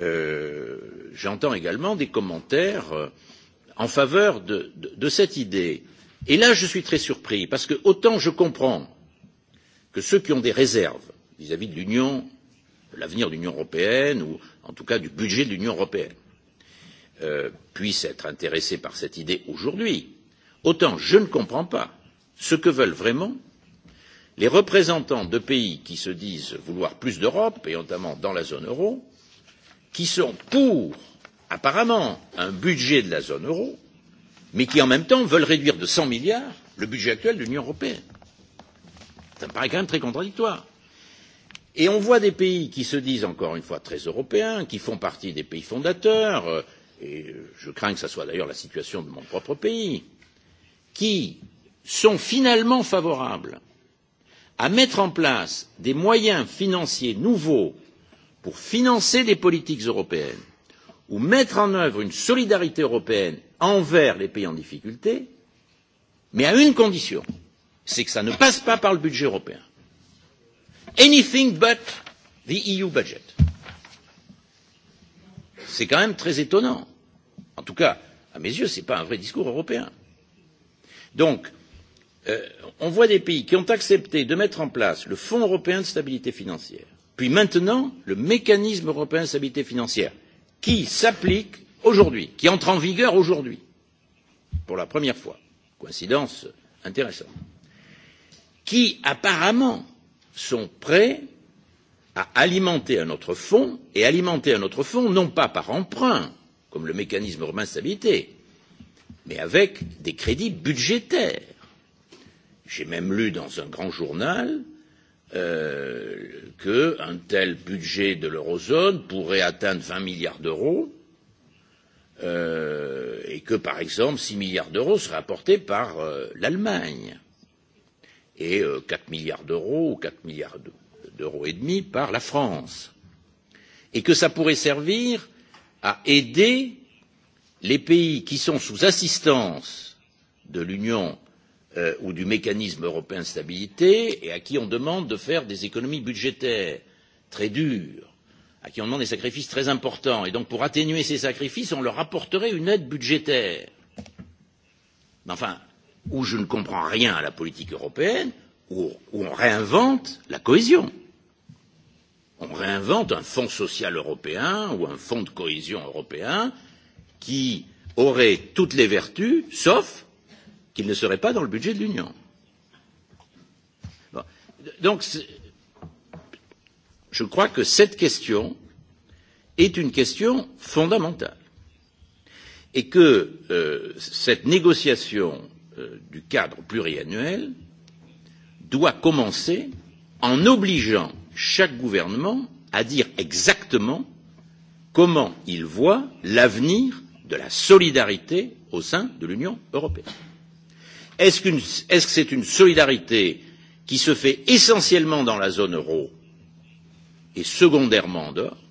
euh, j'entends également des commentaires euh, en faveur de, de, de cette idée. Et là, je suis très surpris, parce que autant je comprends que ceux qui ont des réserves vis à vis de l'Union l'avenir de l'Union européenne ou en tout cas du budget de l'Union européenne euh, puisse être intéressé par cette idée aujourd'hui, autant je ne comprends pas ce que veulent vraiment les représentants de pays qui se disent vouloir plus d'Europe, et notamment dans la zone euro, qui sont pour, apparemment, un budget de la zone euro, mais qui en même temps veulent réduire de 100 milliards le budget actuel de l'Union européenne. Ça me paraît quand même très contradictoire. Et on voit des pays qui se disent encore une fois très européens, qui font partie des pays fondateurs, euh, et je crains que ce soit d'ailleurs la situation de mon propre pays, qui sont finalement favorables à mettre en place des moyens financiers nouveaux pour financer des politiques européennes ou mettre en œuvre une solidarité européenne envers les pays en difficulté, mais à une condition, c'est que ça ne passe pas par le budget européen anything but the EU budget. C'est quand même très étonnant. En tout cas, à mes yeux, ce n'est pas un vrai discours européen. Donc, euh, on voit des pays qui ont accepté de mettre en place le Fonds européen de stabilité financière, puis maintenant le mécanisme européen de stabilité financière, qui s'applique aujourd'hui, qui entre en vigueur aujourd'hui, pour la première fois. Coïncidence intéressante. Qui apparemment sont prêts à alimenter un autre fonds et alimenter un autre fonds non pas par emprunt, comme le mécanisme romain stabilité, mais avec des crédits budgétaires. J'ai même lu dans un grand journal euh, qu'un tel budget de l'eurozone pourrait atteindre 20 milliards d'euros euh, et que, par exemple, 6 milliards d'euros seraient apportés par euh, l'Allemagne et euh, quatre milliards d'euros ou 4 milliards d'euros et demi par la France. Et que ça pourrait servir à aider les pays qui sont sous assistance de l'Union euh, ou du mécanisme européen de stabilité et à qui on demande de faire des économies budgétaires très dures, à qui on demande des sacrifices très importants. Et donc pour atténuer ces sacrifices, on leur apporterait une aide budgétaire. Mais enfin, où je ne comprends rien à la politique européenne, où, où on réinvente la cohésion. On réinvente un fonds social européen ou un fonds de cohésion européen qui aurait toutes les vertus, sauf qu'il ne serait pas dans le budget de l'Union. Bon. Donc, je crois que cette question est une question fondamentale et que euh, cette négociation Euh, du cadre pluriannuel doit commencer en obligeant chaque gouvernement à dire exactement comment il voit l'avenir de la solidarité au sein de l'Union européenne. Est-ce qu est -ce que c'est une solidarité qui se fait essentiellement dans la zone euro et secondairement en dehors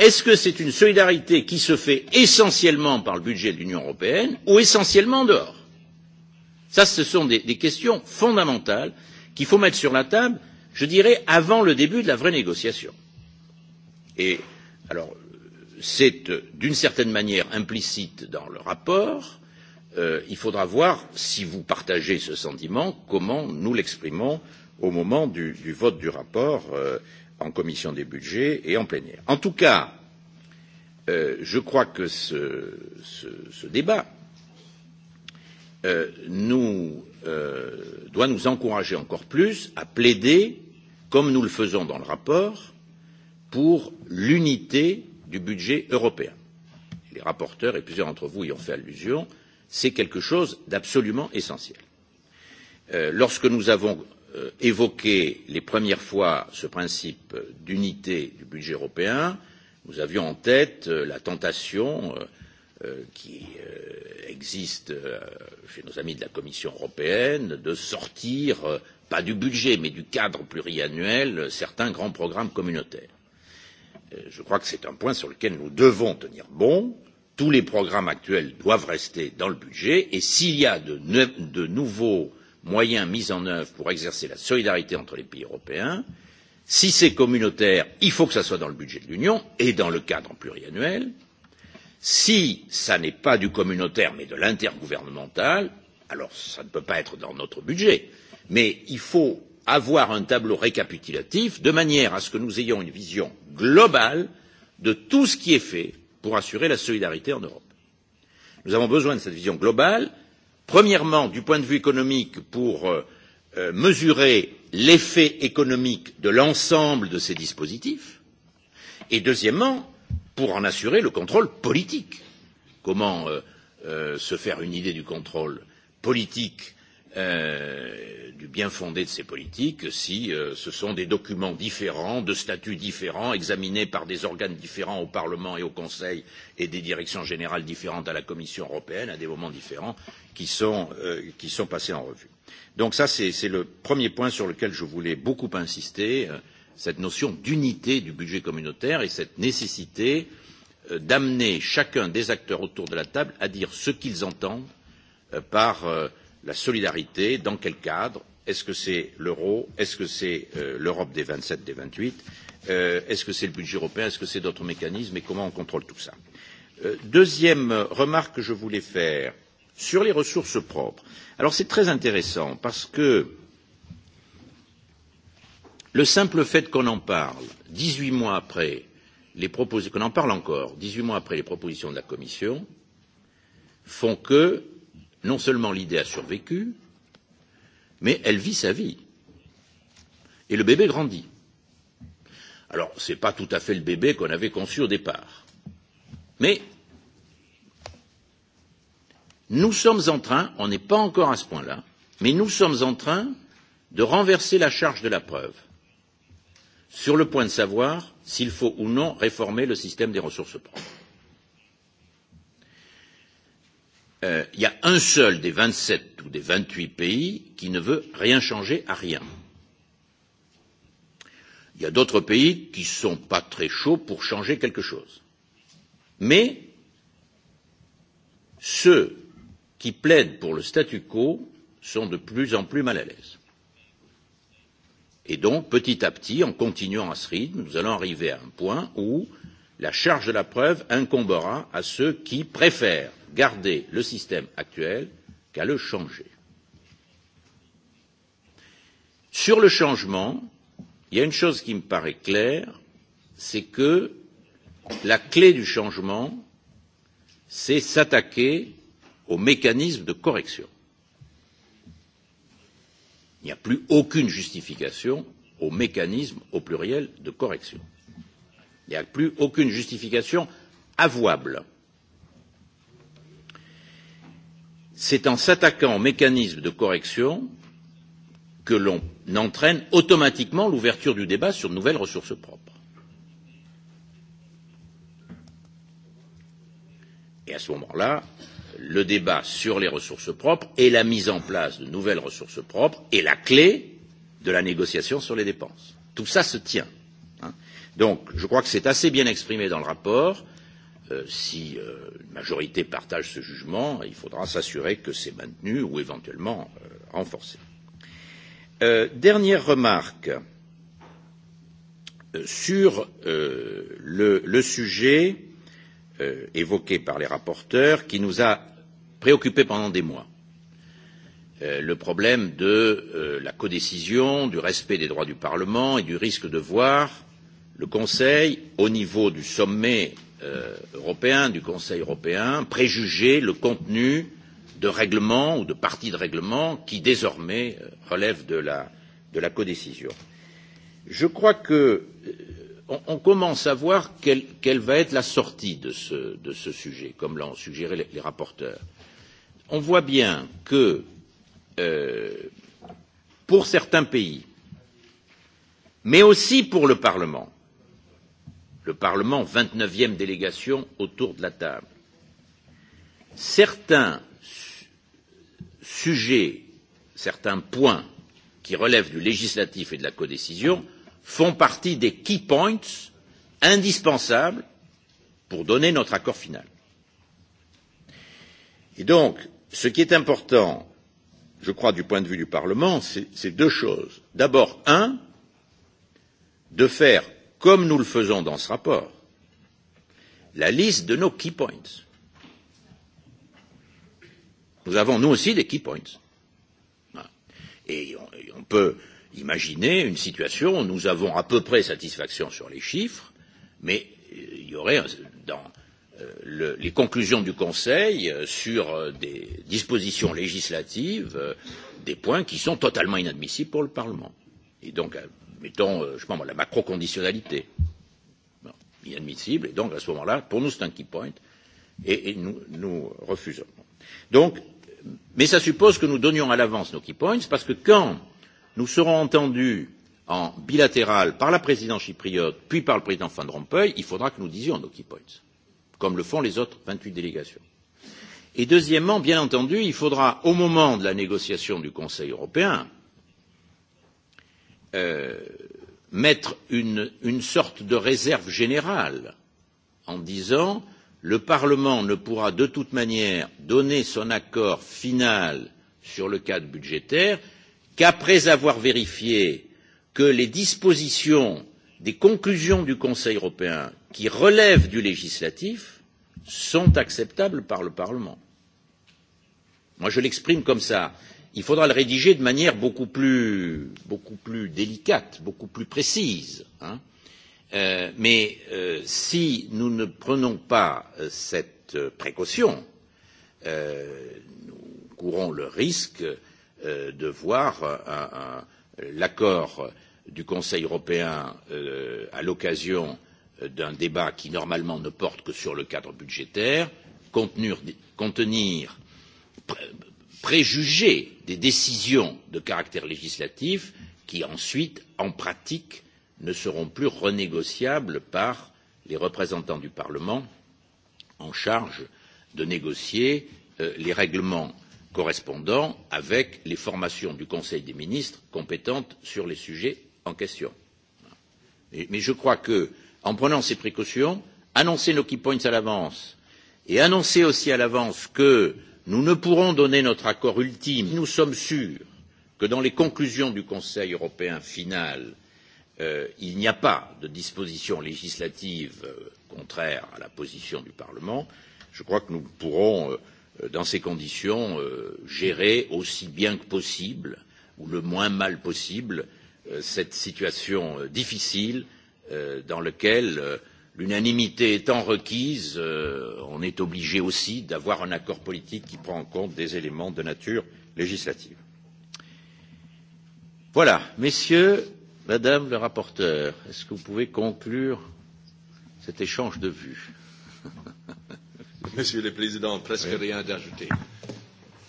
Est-ce que c'est une solidarité qui se fait essentiellement par le budget de l'Union européenne ou essentiellement en dehors ce sont des, des questions fondamentales qu'il faut mettre sur la table, je dirais, avant le début de la vraie négociation. Et alors, c'est euh, d'une certaine manière implicite dans le rapport. Euh, il faudra voir, si vous partagez ce sentiment, comment nous l'exprimons au moment du, du vote du rapport euh, en commission des budgets et en plénière. En tout cas, euh, je crois que ce, ce, ce débat Euh, nous, euh, doit nous encourager encore plus à plaider, comme nous le faisons dans le rapport, pour l'unité du budget européen. Les rapporteurs et plusieurs d'entre vous y ont fait allusion, c'est quelque chose d'absolument essentiel. Euh, lorsque nous avons euh, évoqué les premières fois ce principe d'unité du budget européen, nous avions en tête euh, la tentation euh, Euh, qui euh, existe euh, chez nos amis de la Commission européenne de sortir, pas du budget, mais du cadre pluriannuel, certains grands programmes communautaires. Je crois que c'est un point sur lequel nous devons tenir bon. Tous les programmes actuels doivent rester dans le budget et s'il y a de, de nouveaux moyens mis en œuvre pour exercer la solidarité entre les pays européens, si c'est communautaire, il faut que ça soit dans le budget de l'Union et dans le cadre pluriannuel. Si ça n'est pas du communautaire mais de l'intergouvernemental, alors ça ne peut pas être dans notre budget. Mais il faut avoir un tableau récapitulatif de manière à ce que nous ayons une vision globale de tout ce qui est fait pour assurer la solidarité en Europe. Nous avons besoin de cette vision globale, premièrement du point de vue économique pour euh, euh mesurer l'effet économique de l'ensemble de ces dispositifs et deuxièmement pour en assurer le contrôle politique. Comment euh, euh, se faire une idée du contrôle politique euh, du bien fondé de ces politiques si euh, ce sont des documents différents, de statuts différents, examinés par des organes différents au Parlement et au Conseil et des directions générales différentes à la Commission européenne à des moments différents qui sont, euh, qui sont passés en revue. Donc ça, c'est le premier point sur lequel je voulais beaucoup insister. Euh, cette notion d'unité du budget communautaire et cette nécessité euh, d'amener chacun des acteurs autour de la table à dire ce qu'ils entendent euh, par euh, la solidarité, dans quel cadre, est-ce que c'est l'euro, est-ce que c'est l'Europe des 27, des 28, est-ce que c'est le budget européen, est-ce que c'est d'autres mécanismes et comment on contrôle tout ça. Deuxième remarque que je voulais faire sur les ressources propres. Alors c'est très intéressant parce que euh, Le simple fait qu'on en parle, 18 mois après les propositions, qu'on en parle encore, 18 mois après les propositions de la Commission, font que non seulement l'idée a survécu, mais elle vit sa vie. Et le bébé grandit. Alors, ce n'est pas tout à fait le bébé qu'on avait conçu au départ. Mais nous sommes en train, on n'est pas encore à ce point-là, mais nous sommes en train de renverser la charge de la preuve sur le point de savoir s'il faut ou non réformer le système des ressources propres. Euh, il y a un seul des 27 ou des 28 pays qui ne veut rien changer à rien. Il y a d'autres pays qui ne sont pas très chauds pour changer quelque chose. Mais ceux qui plaident pour le statu quo sont de plus en plus mal à l'aise. Et donc, petit à petit, en continuant à ce rythme, nous allons arriver à un point où la charge de la preuve incombera à ceux qui préfèrent garder le système actuel qu'à le changer. Sur le changement, il y a une chose qui me paraît claire, c'est que la clé du changement, c'est s'attaquer aux mécanismes de correction n'y a plus aucune justification au mécanisme, au pluriel, de correction. Il n'y a plus aucune justification avouable. C'est en s'attaquant au mécanisme de correction que l'on entraîne automatiquement l'ouverture du débat sur de nouvelles ressources propres. Et à ce moment-là, le débat sur les ressources propres et la mise en place de nouvelles ressources propres est la clé de la négociation sur les dépenses. Tout ça se tient. Hein. Donc, je crois que c'est assez bien exprimé dans le rapport. Euh, si euh, une majorité partage ce jugement, il faudra s'assurer que c'est maintenu ou éventuellement euh, renforcé. Euh, dernière remarque euh, sur euh, le, le sujet euh, euh, par les rapporteurs qui nous a préoccupés pendant des mois. Euh, le problème de euh, la codécision, du respect des droits du Parlement et du risque de voir le Conseil, au niveau du sommet euh, européen, du Conseil européen, préjuger le contenu de règlements ou de parties de règlements qui désormais euh, relèvent de la, de la codécision. Je crois que on, on commence à voir quelle, quelle va être la sortie de ce, de ce sujet, comme l'ont suggéré les, les rapporteurs. On voit bien que euh, pour certains pays, mais aussi pour le Parlement, le Parlement, 29e délégation autour de la table, certains su sujets, certains points qui relèvent du législatif et de la codécision font partie des key points indispensables pour donner notre accord final. Et donc, ce qui est important, je crois, du point de vue du Parlement, c'est deux choses. D'abord, un, de faire, comme nous le faisons dans ce rapport, la liste de nos key points. Nous avons, nous aussi, des key points. Et on, on peut, euh, Imaginez une situation où nous avons à peu près satisfaction sur les chiffres, mais euh, il y aurait euh, dans euh, le, les conclusions du Conseil sur des dispositions législatives des points qui sont totalement inadmissibles pour le Parlement. Et donc, mettons, je pense, la macro-conditionnalité. Inadmissible. Et donc, à ce moment-là, pour nous, c'est un key point. Et, et nous, nous refusons. Donc, mais ça suppose que nous donnions à l'avance nos key points, parce que quand euh, nous serons entendus en bilatéral par la présidence chypriote puis par le président van rompuy il faudra que nous disions nos key points comme le font les autres vingt huit délégations. et deuxièmement bien entendu il faudra au moment de la négociation du conseil européen euh, mettre une, une sorte de réserve générale en disant le Parlement ne pourra de toute manière donner son accord final sur le cadre budgétaire qu'après avoir vérifié que les dispositions des conclusions du Conseil européen qui relèvent du législatif sont acceptables par le Parlement. Moi, je l'exprime comme ça. Il faudra le rédiger de manière beaucoup plus, beaucoup plus délicate, beaucoup plus précise. Hein. Euh, mais euh, si nous ne prenons pas euh, cette précaution, euh, nous courons le risque euh, Euh, de voir un, euh, un, euh, l'accord du Conseil européen euh, à l'occasion d'un débat qui normalement ne porte que sur le cadre budgétaire, contenir, contenir pré, préjuger des décisions de caractère législatif qui ensuite, en pratique, ne seront plus renégociables par les représentants du Parlement en charge de négocier euh, les règlements correspondant avec les formations du Conseil des ministres compétentes sur les sujets en question. mais je crois que, en prenant ces précautions, annoncer nos key points à l'avance et annoncer aussi à l'avance que nous ne pourrons donner notre accord ultime, nous sommes sûrs que dans les conclusions du Conseil européen final, euh, il n'y a pas de disposition législative euh, contraire à la position du Parlement, je crois que nous pourrons euh, Euh, dans ces conditions, euh, gérer aussi bien que possible, ou le moins mal possible, euh, cette situation difficile dans laquelle l'unanimité étant requise, on est obligé aussi d'avoir un accord politique qui prend en compte des éléments de nature législative. Voilà, messieurs, madame le rapporteur, est-ce que vous pouvez conclure cet échange de vues Monsieur le Président, presque oui. rien d'ajouter.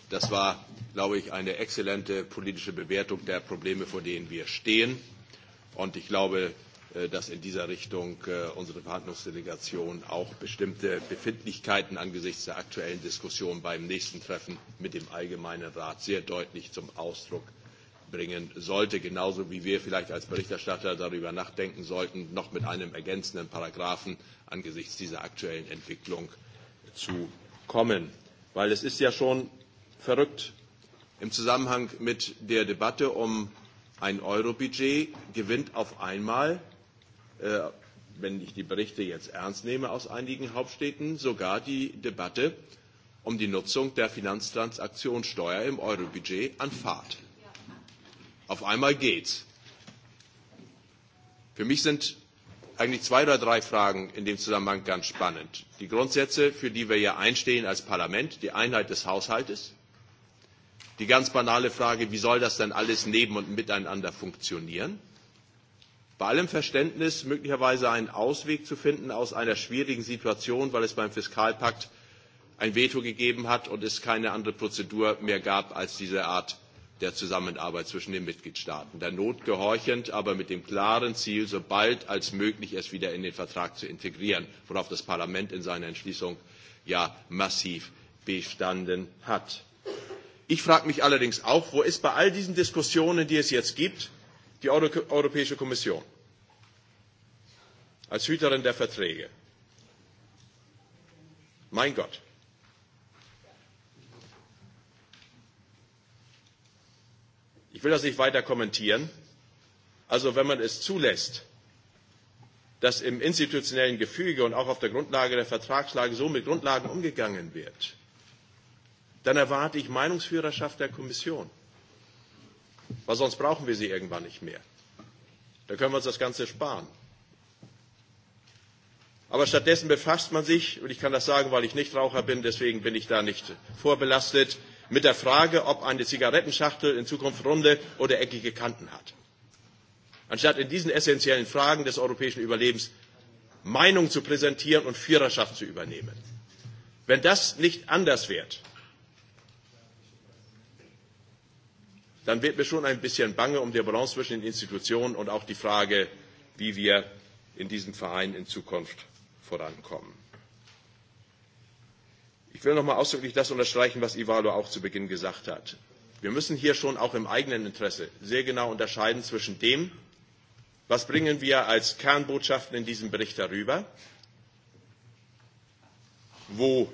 Das war, glaube ich, eine exzellente politische Bewertung der Probleme, vor denen wir stehen. Und ich glaube, äh, dass in dieser Richtung äh, unsere Verhandlungsdelegation auch bestimmte Befindlichkeiten angesichts der aktuellen Diskussion beim nächsten Treffen mit dem Allgemeinen Rat sehr deutlich zum Ausdruck bringen sollte, genauso wie wir vielleicht als Berichterstatter darüber nachdenken sollten, noch mit einem ergänzenden Paragraphen angesichts dieser aktuellen Entwicklung zu kommen. Weil es ist ja schon verrückt im Zusammenhang mit der Debatte um ein Eurobudget gewinnt auf einmal, äh, wenn ich die Berichte jetzt ernst nehme aus einigen Hauptstädten, sogar die Debatte um die Nutzung der Finanztransaktionssteuer im Eurobudget an Fahrt. Auf einmal geht's. Für mich sind eigentlich zwei oder drei Fragen in dem Zusammenhang ganz spannend. Die Grundsätze, für die wir ja einstehen als Parlament, die Einheit des Haushaltes, die ganz banale Frage, wie soll das denn alles neben und miteinander funktionieren? Bei allem Verständnis möglicherweise einen Ausweg zu finden aus einer schwierigen Situation, weil es beim Fiskalpakt ein Veto gegeben hat und es keine andere Prozedur mehr gab als diese Art der Zusammenarbeit zwischen den Mitgliedstaaten, der Not gehorchend, aber mit dem klaren Ziel, so bald als möglich es wieder in den Vertrag zu integrieren, worauf das Parlament in seiner Entschließung ja massiv bestanden hat. Ich frage mich allerdings auch, wo ist bei all diesen Diskussionen, die es jetzt gibt, die Euro Europäische Kommission als Hüterin der Verträge? Mein Gott, Ich will das nicht weiter kommentieren. Also wenn man es zulässt, dass im institutionellen Gefüge und auch auf der Grundlage der Vertragslage so mit Grundlagen umgegangen wird, dann erwarte ich Meinungsführerschaft der Kommission. Weil sonst brauchen wir sie irgendwann nicht mehr. Da können wir uns das Ganze sparen. Aber stattdessen befasst man sich, und ich kann das sagen, weil ich Nichtraucher bin, deswegen bin ich da nicht vorbelastet, mit der Frage, ob eine Zigarettenschachtel in Zukunft runde oder eckige Kanten hat. Anstatt in diesen essentiellen Fragen des europäischen Überlebens Meinung zu präsentieren und Führerschaft zu übernehmen. Wenn das nicht anders wird, dann wird mir schon ein bisschen bange um die Balance zwischen den Institutionen und auch die Frage, wie wir in diesem Verein in Zukunft vorankommen. Ich will nochmal ausdrücklich das unterstreichen, was Ivalo auch zu Beginn gesagt hat. Wir müssen hier schon auch im eigenen Interesse sehr genau unterscheiden zwischen dem, was bringen wir als Kernbotschaften in diesem Bericht darüber, wo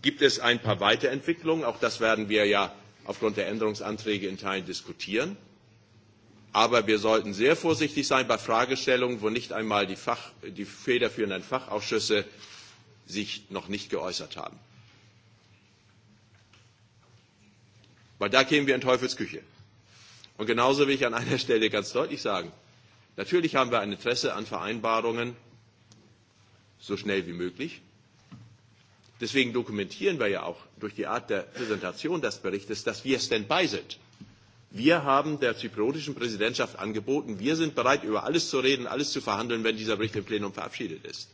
gibt es ein paar Weiterentwicklungen, auch das werden wir ja aufgrund der Änderungsanträge in Teilen diskutieren, aber wir sollten sehr vorsichtig sein bei Fragestellungen, wo nicht einmal die, Fach, die federführenden Fachausschüsse sich noch nicht geäußert haben. Weil da kämen wir in Teufelsküche. Und genauso will ich an einer Stelle ganz deutlich sagen, natürlich haben wir ein Interesse an Vereinbarungen so schnell wie möglich. Deswegen dokumentieren wir ja auch durch die Art der Präsentation des Berichtes, dass wir Standby sind. Wir haben der zypriotischen Präsidentschaft angeboten, wir sind bereit, über alles zu reden, alles zu verhandeln, wenn dieser Bericht im Plenum verabschiedet ist.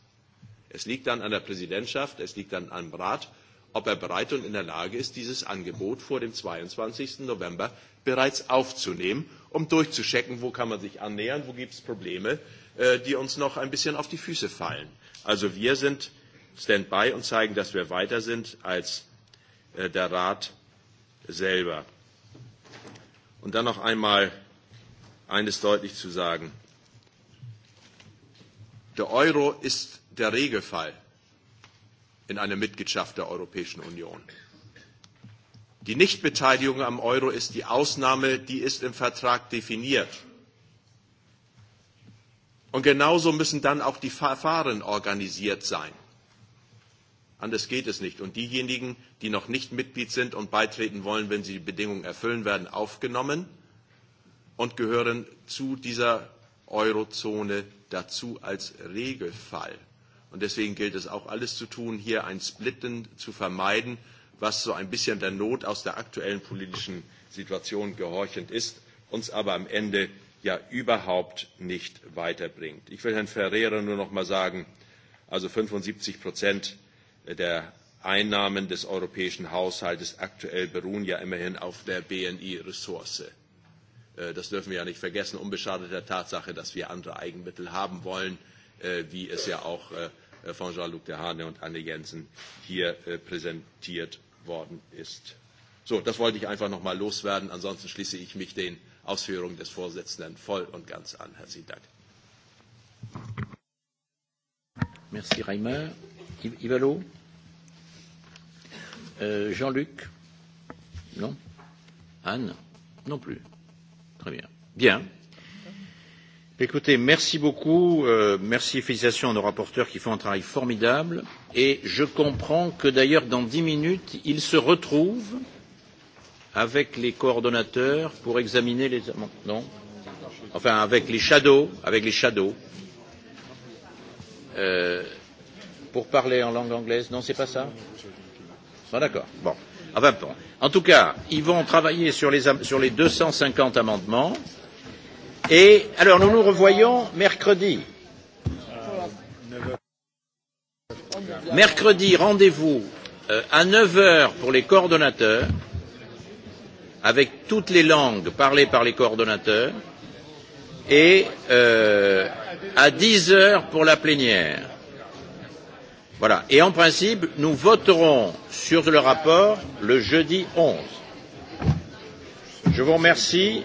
Es liegt dann an der Präsidentschaft, es liegt dann am Rat, ob er bereit und in der Lage ist, dieses Angebot vor dem 22. November bereits aufzunehmen, um durchzuchecken, wo kann man sich annähern, wo gibt es Probleme, äh, die uns noch ein bisschen auf die Füße fallen. Also wir sind Standby und zeigen, dass wir weiter sind als äh, der Rat selber. Und dann noch einmal eines deutlich zu sagen. Der Euro ist der Regelfall in eine Mitgliedschaft der Europäischen Union. Die Nichtbeteiligung am Euro ist die Ausnahme, die ist im Vertrag definiert. Und genauso müssen dann auch die Verfahren organisiert sein. Anders geht es nicht. Und diejenigen, die noch nicht Mitglied sind und beitreten wollen, wenn sie die Bedingungen erfüllen, werden aufgenommen und gehören zu dieser Eurozone dazu als Regelfall. Und deswegen gilt es auch alles zu tun, hier ein Splitten zu vermeiden, was so ein bisschen der Not aus der aktuellen politischen Situation gehorchend ist, uns aber am Ende ja überhaupt nicht weiterbringt. Ich will Herrn Ferreira nur noch mal sagen, also 75 Prozent der Einnahmen des europäischen Haushaltes aktuell beruhen ja immerhin auf der BNI-Ressource. Äh, das dürfen wir ja nicht vergessen, unbeschadet der Tatsache, dass wir andere Eigenmittel haben wollen, äh, wie es ja auch äh, von Jean-Luc Dehane und Anne Jensen hier äh, präsentiert worden ist. So, das wollte ich einfach noch mal loswerden. Ansonsten schließe ich mich den Ausführungen des Vorsitzenden voll und ganz an. Herzlichen Dank. Merci Reimer. Ivalo euh, Jean-Luc Non Anne Non plus. Très bien. Bien. Écoutez, merci beaucoup. Euh, merci et félicitations à nos rapporteurs qui font un travail formidable. Et je comprends que d'ailleurs, dans dix minutes, ils se retrouvent avec les coordonnateurs pour examiner les amendements enfin avec les shadows avec les shadows euh, pour parler en langue anglaise non c'est pas ça bon ah, d'accord bon enfin bon en tout cas ils vont travailler sur les sur les cinquante amendements Et alors nous nous revoyons mercredi. Mercredi, rendez-vous euh, à 9 heures pour les coordonnateurs, avec toutes les langues parlées par les coordonnateurs, et euh, à 10 heures pour la plénière. Voilà. Et en principe, nous voterons sur le rapport le jeudi 11. Je vous remercie.